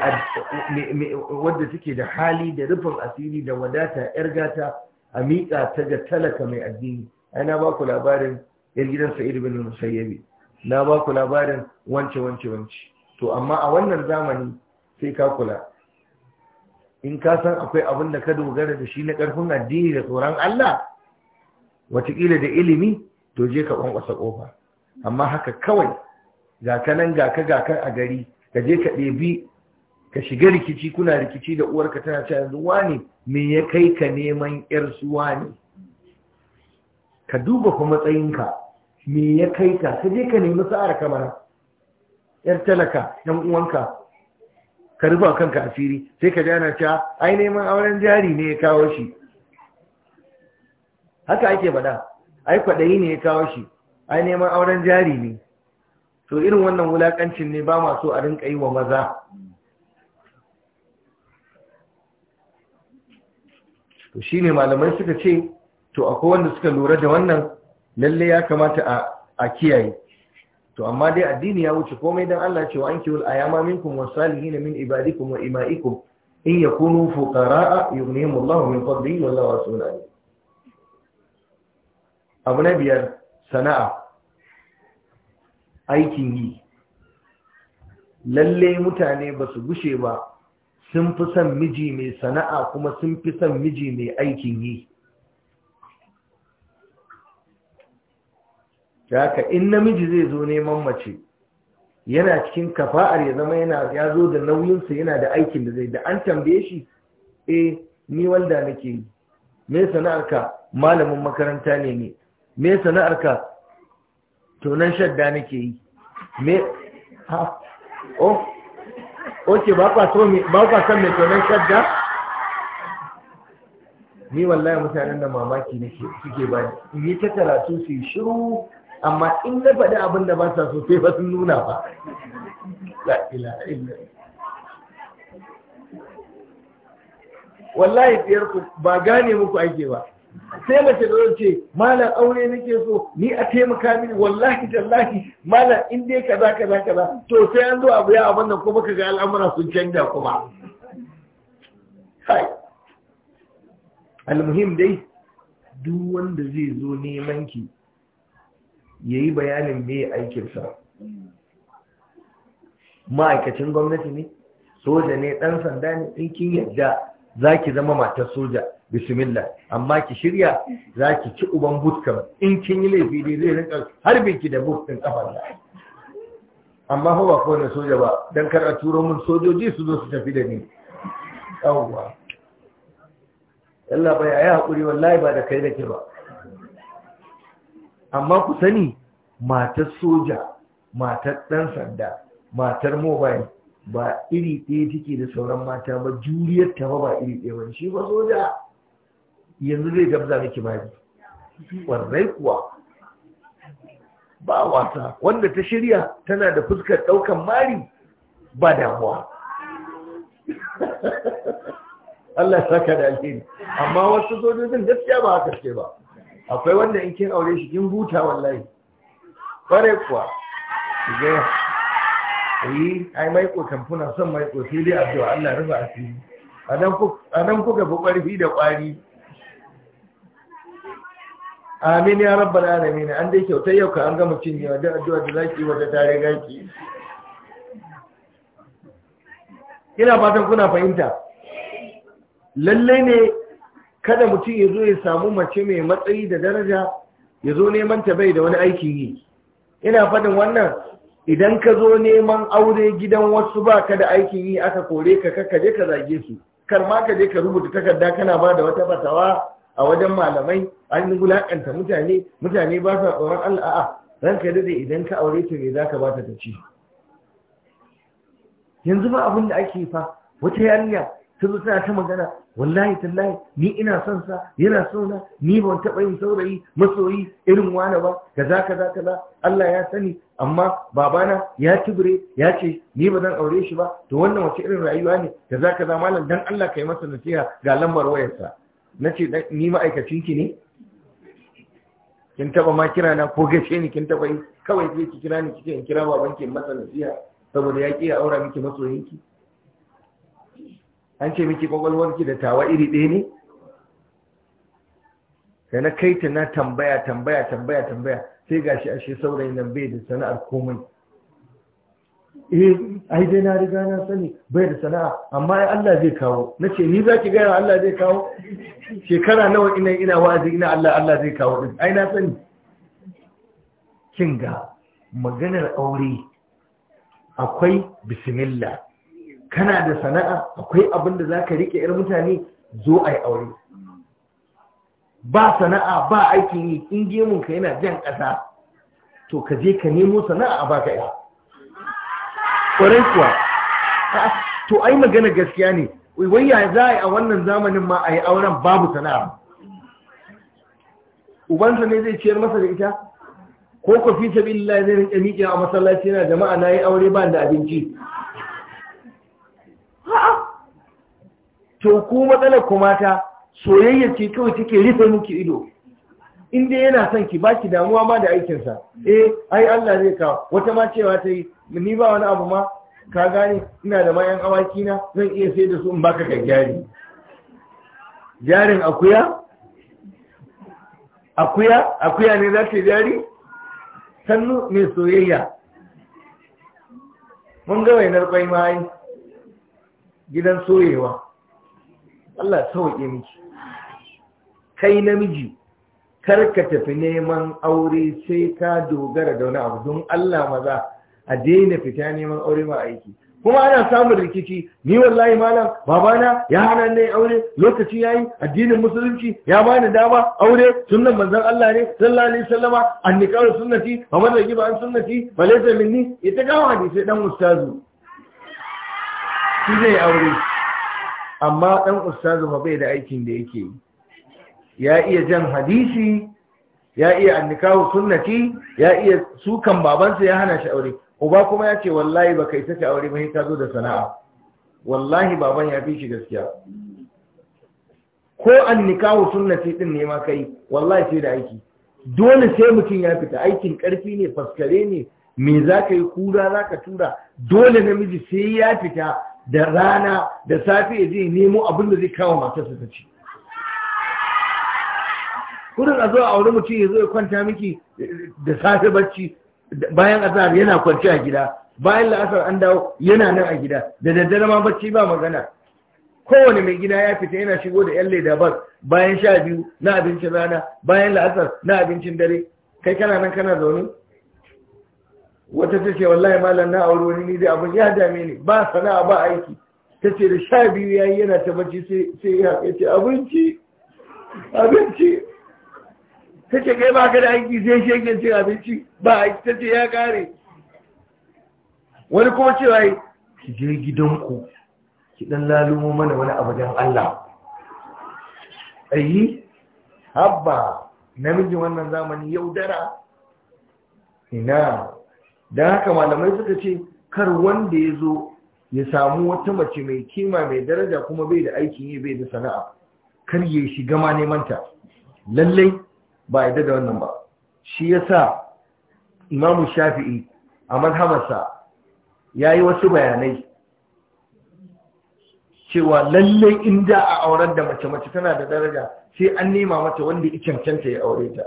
wadda suke da hali da rufin asiri da wadata 'yar gata a miƙa ta ga talaka mai addini na ba ku labarin yar gidan sa'id bin musayyabi na ba ku labarin wance wance wance to amma a wannan zamani sai ka kula in ka san akwai abin da ka dogara da shi na ƙarfin addini da tsoron Allah wataƙila da ilimi to je ka ƙwanƙwasa ƙofa amma haka kawai ga ka nan ga ka ga kan a gari ka je ka ɗebi ka shiga rikici kuna rikici da uwarka tana cewa yanzu wane me ya kai ka neman ƴar suwa ne ka duba ku matsayinka me ya kai ka ka je ka nemi sa'ar kamar ƴar talaka ƴan uwanka ka rufa kanka asiri sai ka jana cewa ai neman auren jari ne ya kawo shi haka ake faɗa ai kwaɗayi ne ya kawo shi ai neman auren jari ne to irin wannan wulaƙancin ne ba ma so a rinka yi wa maza to shine malamai suka ce to akwai wanda suka lura da wannan lalle ya kamata a kiyaye to amma dai addini ya wuce komai dan Allah cewa an kiwul ayama minkum wasalihin min ibadikum wa imaikum in yakunu fuqaraa yughnihimullahu min fadlihi wallahu wasi'un alim abu na biyar sana'a aikin yi lalle mutane ba su gushe ba sun fi son miji mai sana'a kuma sun fi son miji mai aikin yi haka in namiji zai zo neman mace yana cikin kafa'ar ya zama yana ya zo da nauyinsa yana da aikin da zai da an tambaye shi eh ni walda nake yi me sana'arka malamin makaranta ne ne me sana'arka tonan shadda nake yi me ha oh oke ba ka so me ba san me tonan shadda ni wallahi mutanen da mamaki nake suke bani ni ta karatu su yi shiru amma in na faɗi abin da ba sa so sai ba sun nuna ba wallahi ku ba gane muku aike ba sai mace da ce malam aure nake so ni a taimaka mini wallahi tallahi malam in dai kaza kaza kaza to sai an zo abu ya abin nan kuma kaga al'amura sun canja kuma Al muhim dai duk wanda zai zo neman ki ya yi bayanin me aikinsa ma'aikacin gwamnati ne soja ne ɗan sanda ne in kin yadda za ki zama matar soja bismillah amma ki shirya za ki ci uban butkan in kin yi laifi ne zai rinka harbin ki da butkan ɗin da amma ba kowane soja ba don kar a turo mun sojoji su zo su tafi da ni yawwa yalla bai a yi haƙuri wallahi ba da kai da ke amma ku sani matar soja matar ɗan sanda matar mobile ba iri ɗaya take da sauran mata ba juriyar ta ba iri ɗaya wani shi ba soja yanzu zai gabza miki bari ƙwarai kuwa ba wasa wanda ta shirya tana da fuskar ɗaukan mari ba damuwa Allah saka da alheri amma wasu sojojin gaskiya ba haka ce ba akwai wanda in kin aure shi kin huta wallahi kware kuwa ga yi ai mai ko kamfuna son mai ko sai dai addu'a Allah rufa asiri anan ku anan ku ga ƙarfi da ƙwari amin ya rabbal alamin an dai kyauta yau ka an gama cinyewa da addu'a da zaki wata tare gaki ina fatan kuna fahimta lallai ne kada mutum ya zo ya samu mace mai matsayi da daraja ya zo neman ta bai da wani aikin yi ina faɗin wannan idan ka zo neman aure gidan wasu ba ka da aikin yi aka kore ka ka je ka zage su kar ma ka je ka rubuta takarda kana ba da wata fatawa a wajen malamai an yi wulaƙanta mutane mutane ba sa tsoron Allah ka dade idan ka aure ta me ka ba ta ta ci yanzu ba abin da ake fa wata yarinya ta zo tana ta magana wallahi tallahi ni ina son sa yana so na ni ban taba yin saurayi masoyi irin wani ba kaza kaza kaza Allah ya sani amma babana ya tibire ya ce ni ba zan aure shi ba to wannan wace irin rayuwa ne kaza kaza malam dan Allah kai masa nasiha ga lambar wayarsa nace ni ma'aikacin ki ne kin taba ma kira na ko gashe ni kin taba yi kawai sai ki kira ni kike in kira babanki masa nasiha saboda ya ki ya aura miki masoyinki an ce miki kwakwalwarki da tawa iri ɗaya ne da na kai ta na tambaya tambaya tambaya tambaya sai ga shi ashe saurayin nan bai da sana'ar komai eh ai dai na riga na sani bai da sana'a amma ai Allah zai kawo Na ce ni za ki gaya Allah zai kawo shekara nawa ina ina wazi ina Allah Allah zai kawo din ai na sani kin ga maganar aure akwai bismillah kana da sana'a akwai abin da za ka riƙe 'yar mutane zo a yi aure ba sana'a ba aikin yi in ka yana jan ƙasa to ka je ka nemo sana'a ba ka yi. ƙwarai kuwa to ai magana gaskiya ne waiwaya za a yi a wannan zamanin ma a yi auren babu sana'a ubansa ne zai ciyar masa da ita ko kwafi fi sabi zai a masallaci yana jama'a na yi aure ba da abinci to ku matsalar ku mata soyayya ce kawai take rufe muku ido in dai yana son ki baki damuwa ma da aikinsa eh ai Allah zai ka wata ma cewa ta yi ni ba wani abu ma ka gane ina da mayan awaki na zan iya sai da su in baka ka jari jarin akuya akuya akuya ne za ta jari sannu mai soyayya mun ga wainar kwai ma gidan soyewa Allah ya sauke miki kai namiji kar ka tafi neman aure sai ka dogara da wani abu don Allah maza a daina fita neman aure ma aiki kuma ana samun rikici ni wallahi malam babana ya hana ne aure lokaci yayi addinin musulunci ya bani dama aure sunnan manzon Allah ne sallallahu alaihi wasallama annikaru sunnati wa man giba an sunnati fa laysa minni ita ga hadisi dan ustazu shi zai aure amma ɗan ustazu ba bai da aikin da yake ya iya jan hadisi ya iya annikahu sunnati ya iya sukan babansa ya hana shi aure uba kuma ya ce wallahi ba ka isa shi aure ba ta zo da sana'a wallahi baban ya fi shi gaskiya ko annikahu sunnati din ne ma kai wallahi sai da aiki dole sai mutum ya fita aikin karfi ne faskare ne me za ka yi kura za ka tura dole namiji sai ya fita da rana da safe ya je nemo abin da zai kawo matarsa ta ce kudin a zo a wuri mutum ya zo ya kwanta miki da safe bacci bayan azhar yana kwanci a gida bayan la'asar an dawo yana nan a gida da daddare ma bacci ba magana kowane mai gida ya fita yana shigo da yan leda bas bayan sha biyu na abincin rana bayan la'asar na abincin dare kai kana nan kana zaune wata ta ce wallahi malam na auri wani ni da abin ya dame ni ba sana'a ba aiki ta ce da sha biyu ya yi yana ta sai ya ce abinci abinci ta ce kai ba ka da aiki sai shege ce abinci ba aiki ta ce ya kare wani kuma cewa yi ki je gidanku ki dan lalumo mana wani abu don Allah ayi habba namijin wannan zamani yaudara ina don haka malamai suka ce kar wanda ya zo ya samu wata mace mai kima mai daraja kuma bai da aikin yi bai da sana'a kar ya shiga ma neman ta lallai ba yi da wannan ba shi ya sa imamu shafi'i a madhamarsa ya yi wasu bayanai cewa lallai in da a auren da mace mace tana da daraja sai an nema mata wanda ya cancanta ya aure ta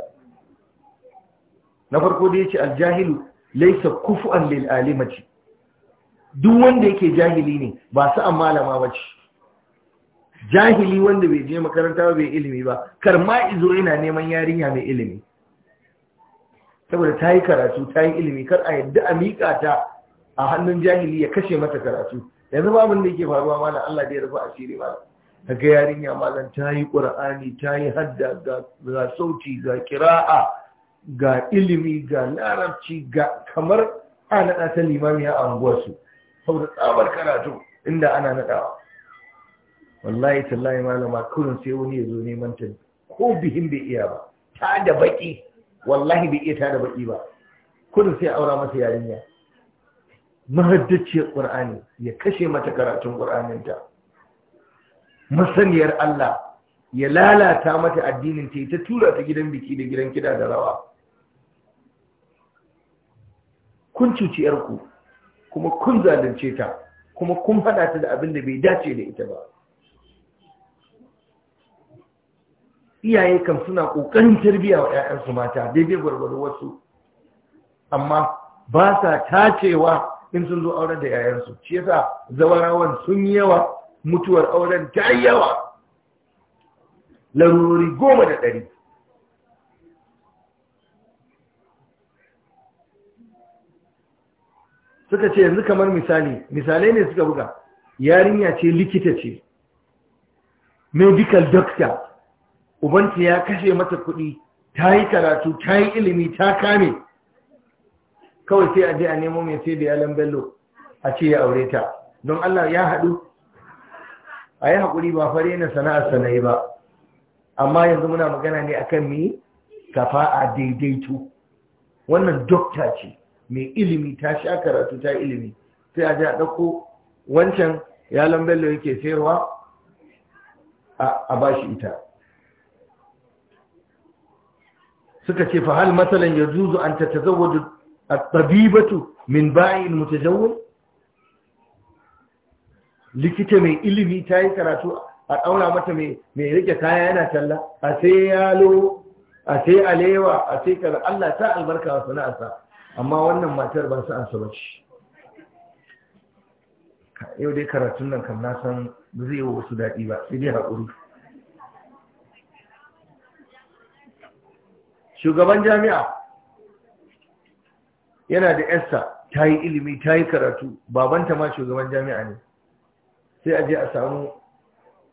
na farko da ya ce aljahilu laisa kufu'an lil alimati duk wanda yake jahili ne ba su an malama ba ce jahili wanda bai je makaranta ba bai ilimi ba karma izo yana neman yarinya mai ilimi saboda ta yi karatu ta yi ilimi kar a yadda a miƙa ta a hannun jahili ya kashe mata karatu yanzu ba abin da yake faruwa mana, Allah da ya rufa asiri ta ga yarinya malam ta yi ƙur'ani ta yi hadda ga sauti ga kira'a ga ilimi ga larabci ga kamar a naɗa ta limami a anguwarsu saboda tsabar karatu inda ana naɗawa wallahi tallahi malama kurin sai wani ya zo neman ta ko bihin bai iya ba ta da baki wallahi bai iya ta da baki ba kurin sai aura masa yarinya mahaddaciyar ƙur'ani ya kashe mata karatun ƙur'aninta masaniyar Allah ya lalata mata addinin ta ta tura ta gidan biki da gidan kida da rawa kun cuci yarku kuma kun zalunce ta kuma kun hada ta da abin da bai dace da ita ba iyaye kan suna kokarin tarbiya wa 'ya'yansu mata daidai gwargwado wasu amma ba sa tacewa in sun zo auren da 'ya'yansu, shi yasa zawarawan sun yi yawa mutuwar auren ta yi yawa larurori goma da ɗari suka ce yanzu kamar misali misalai ne suka buga yarinya ce likita ce medical doctor ubanta ya kashe mata kuɗi ta yi karatu ta yi ilimi ta kame kawai sai a je a nemo mai sai da yalan bello a ce ya aure ta don Allah ya haɗu a yi haƙuri ba fare na sana'ar sanayi ba amma yanzu muna magana ne akan mi kafa a daidaito wannan dokta ce mai ilimi ta sha karatu ta ilimi sai a ji a ɗauko wancan yalon bello yake sayarwa a bashi ita suka ce fa hal matsalan ya zuzu an tatazawwaju at-tabibatu min ba'in mutajawwal likita mai ilimi ta yi karatu a ɗaura mata mai rike kaya yana talla a sai yalo a sai alewa a sai kaza Allah ta albarka wa sana'arsa amma wannan matar ba su ansa bace yau dai karatun nan kan na san zai yi wasu daɗi ba sai dai haƙuri shugaban jami'a yana da yarsa ta yi ilimi ta yi karatu babanta ma shugaban jami'a ne sai a je a samu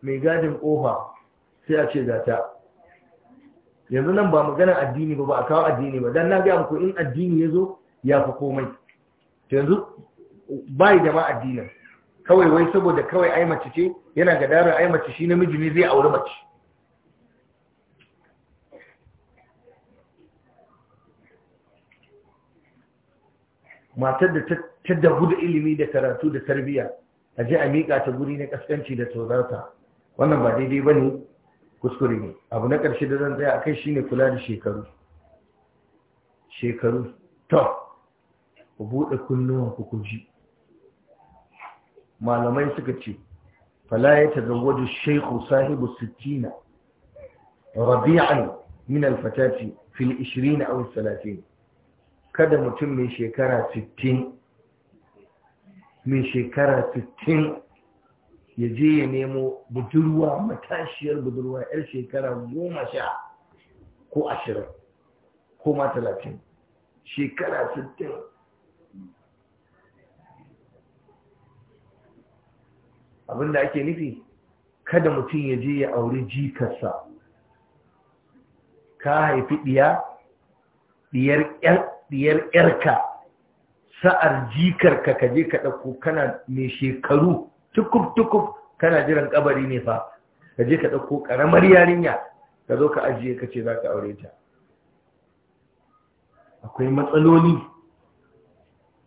mai gadin ƙofa sai a ce ta yanzu nan ba magana addini ba ba a kawo addini ba dan na ga muku in addini ya zo ya fi komai to yanzu bai da ma addinin kawai wai saboda kawai ai mace ce yana ga dare ai mace shi namiji ne zai aure mace matar da ta dabu da ilimi da karatu da tarbiyya a je a miƙa ta guri na kaskanci da tozarta, wannan ba daidai ba ne kuskure ne abu na ƙarshe da zan tsaya a kai shine kula da shekaru shekaru to ku buɗe kunnuwan ku ji malamai suka ce fala ya da shaykhu sahibu sittina rabi'an min alfatati fatati fil 20 aw 30 kada mutum mai shekara 60 mai shekara 60 ya je ya nemo budurwa matashiyar budurwa yar shekara goma sha ko ashirin ko ma talatin shekara sittin abinda ake nufi kada mutum ya je ya auri jikarsa ka haifi ɗiya ɗiyar ƴarka sa'ar jikarka ka je ka ɗauko kana mai shekaru Tukuf tukuf kana jiran kabari ne fa ka je ka ɗauko ƙaramar yarinya ka zo ka ajiye ka ce za ka aure ta akwai matsaloli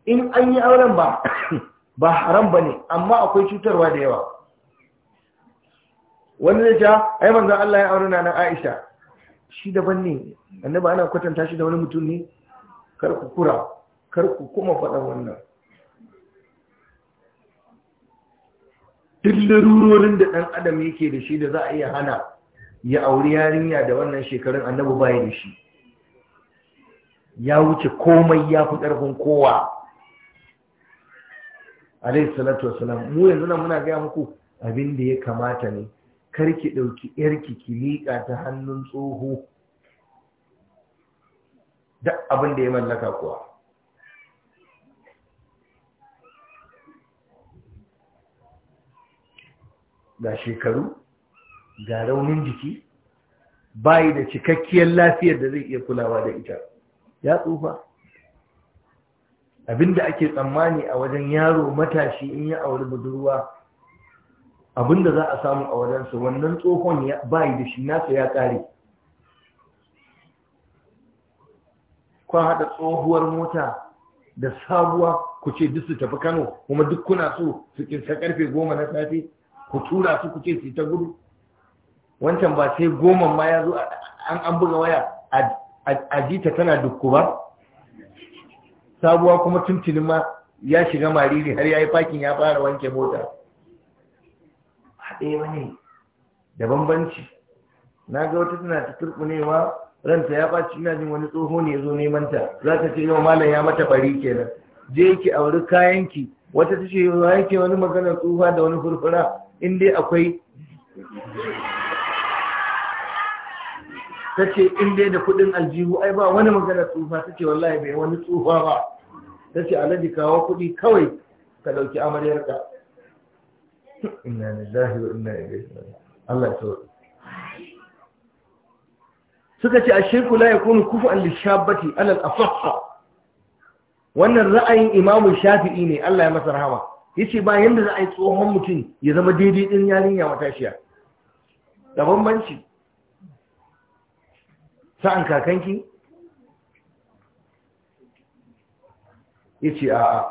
in an yi auren ba ba haram ba ne amma akwai cutarwa da yawa wani zai ja ai manzo Allah ya aure na nan Aisha shi daban ne annabi ana kwatanta shi da wani mutum ne kar ku kura kar ku kuma faɗa wannan duk larurorin da ɗan adam yake da shi da za a iya hana ya auri yarinya da wannan shekarun annabu, baya da shi ya wuce komai ya fi ƙarfin kowa alayhi salatu wasalam mu yanzu nan muna gaya muku abin da ya kamata ne karki ɗauki yarki ki liƙa ta hannun tsoho Da abin da ya mallaka kuwa ga shekaru ga raunin jiki bayi da cikakkiyar lafiyar da zai iya kulawa da ita ya tsufa abinda ake tsammani a wajen yaro matashi in ya auri budurwa abinda za a samu a wajensu, wannan tsohon bayi da shi nasa ya kare kwan haɗa tsohuwar mota da sabuwa ku ce duk su tafi kano kuma duk kuna so su kinsa karfe goma na safe ku tura su ku ce su ta gudu wancan ba sai goma ma ya zo an buga waya a jita tana dukku ba sabuwa kuma tuntunin ma ya shiga mariri har ya yi fakin ya fara wanke mota haɗe wani da bambanci na ga wata tana ta turkunewa ranta ya ba ina jin wani tsoho ne ya zo neman ta za ta ce yau malam ya mata bari kenan je ki auri kayanki wata ta ce yau ya ke wani maganar tsufa da wani furfura Inda akwai ta ce in dai da kudin aljihu ai ba wani magana tsufa ta ce wallahi bai wani tsufa ba ta ce alaji kawo kudi kawai ka dauki amaryarka inna lillahi wa inna ilaihi Allah ya suka ce a ashirku la yakunu kufan lishabati ala al-afaqqa wannan ra'ayin imamu shafi'i ne Allah ya masa rahama yace ba yanda za a yi tsohon mutum ya zama daidai din yarinya matashiya da bambanci sa'an kakanki yace a'a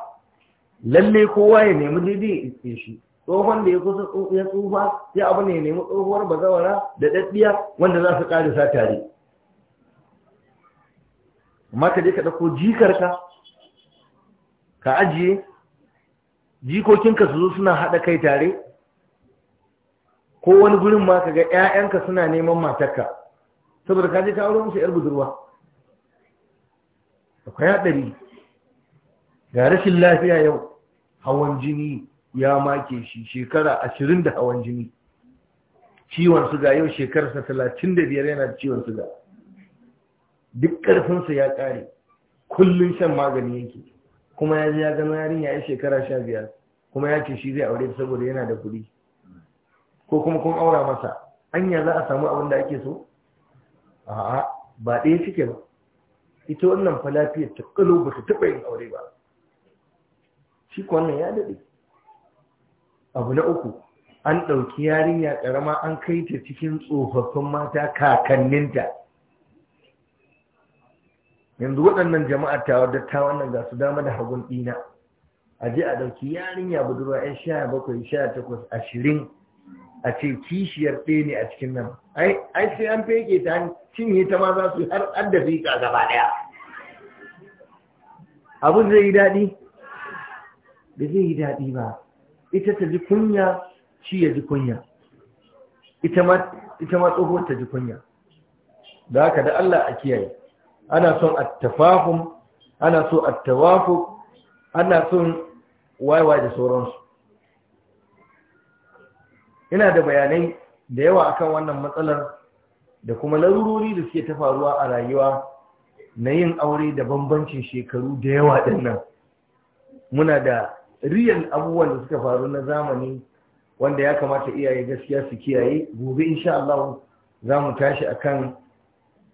lalle kowa ya nemi daidai ya shi tsohon da ya kusa ya tsufa ya abu ne ya nemi tsohuwar bazawara da daddiya wanda za su karisa tare amma ka je ka ɗauko jikarka ka ajiye jikokinka su zo suna haɗa kai tare ko wani gurin ma ka ga 'ya'yanka suna neman matarka saboda ka je ka aure musu 'yar budurwa akwai haɗari ga rashin lafiya yau hawan jini ya make shi shekara ashirin da hawan jini ciwon suga yau shekararsa talatin da biyar yana da ciwon suga duk ƙarfinsa ya ƙare kullum shan magani yake kuma ya je ya gano yarinya ya shekara sha biyar kuma ya ce shi zai aure saboda yana da kuɗi ko kuma kun aura masa anya za a samu abin da ake so a'a ba ɗaya cike ba ita wannan fa lafiyar ta kalo ba ta taɓa yin aure ba shi ko wannan ya daɗe abu na uku an ɗauki yarinya ƙarama an kai ta cikin tsofaffin mata kakanninta yanzu waɗannan jama'ar ta dattawan nan ga su dama da hagun ɗina a je a ɗauki yarinya budurwa yan sha bakwai sha takwas ashirin a ce kishiyar ɗaya ne a cikin nan ai sai an feke ta cinye ta ma za su har an da fika gaba ɗaya abin zai yi daɗi ba zai yi daɗi ba ita ta ji kunya shi ya ji kunya ita ma tsohuwar ta ji kunya da haka da Allah a kiyaye ana son attafahum ana so attawafuq ana son waiwa da sauransu ina da bayanai da yawa akan wannan matsalar da kuma larurori da suke ta faruwa a rayuwa na yin aure da bambancin shekaru da yawa nan. muna da riyal abubuwan da suka faru na zamani wanda ya kamata iyaye gaskiya su kiyaye gobe insha Allah za mu tashi akan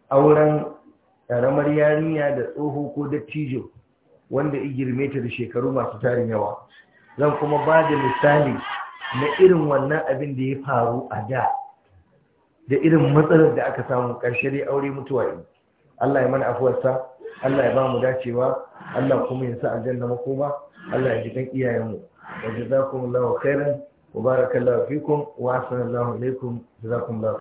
auren ƙaramar yarinya da tsoho ko dattijo wanda i girme ta da shekaru masu tarin yawa zan kuma ba da misali na irin wannan abin da ya faru a da da irin matsalar da aka samu ƙarshe dai aure mutuwa yi Allah ya mana afuwarsa Allah ya ba mu dacewa Allah kuma ya sa aljanna makoma Allah ya ji kan iyayenmu wajen jazakumullahu khairan wa barakallahu fikum wa assalamu alaikum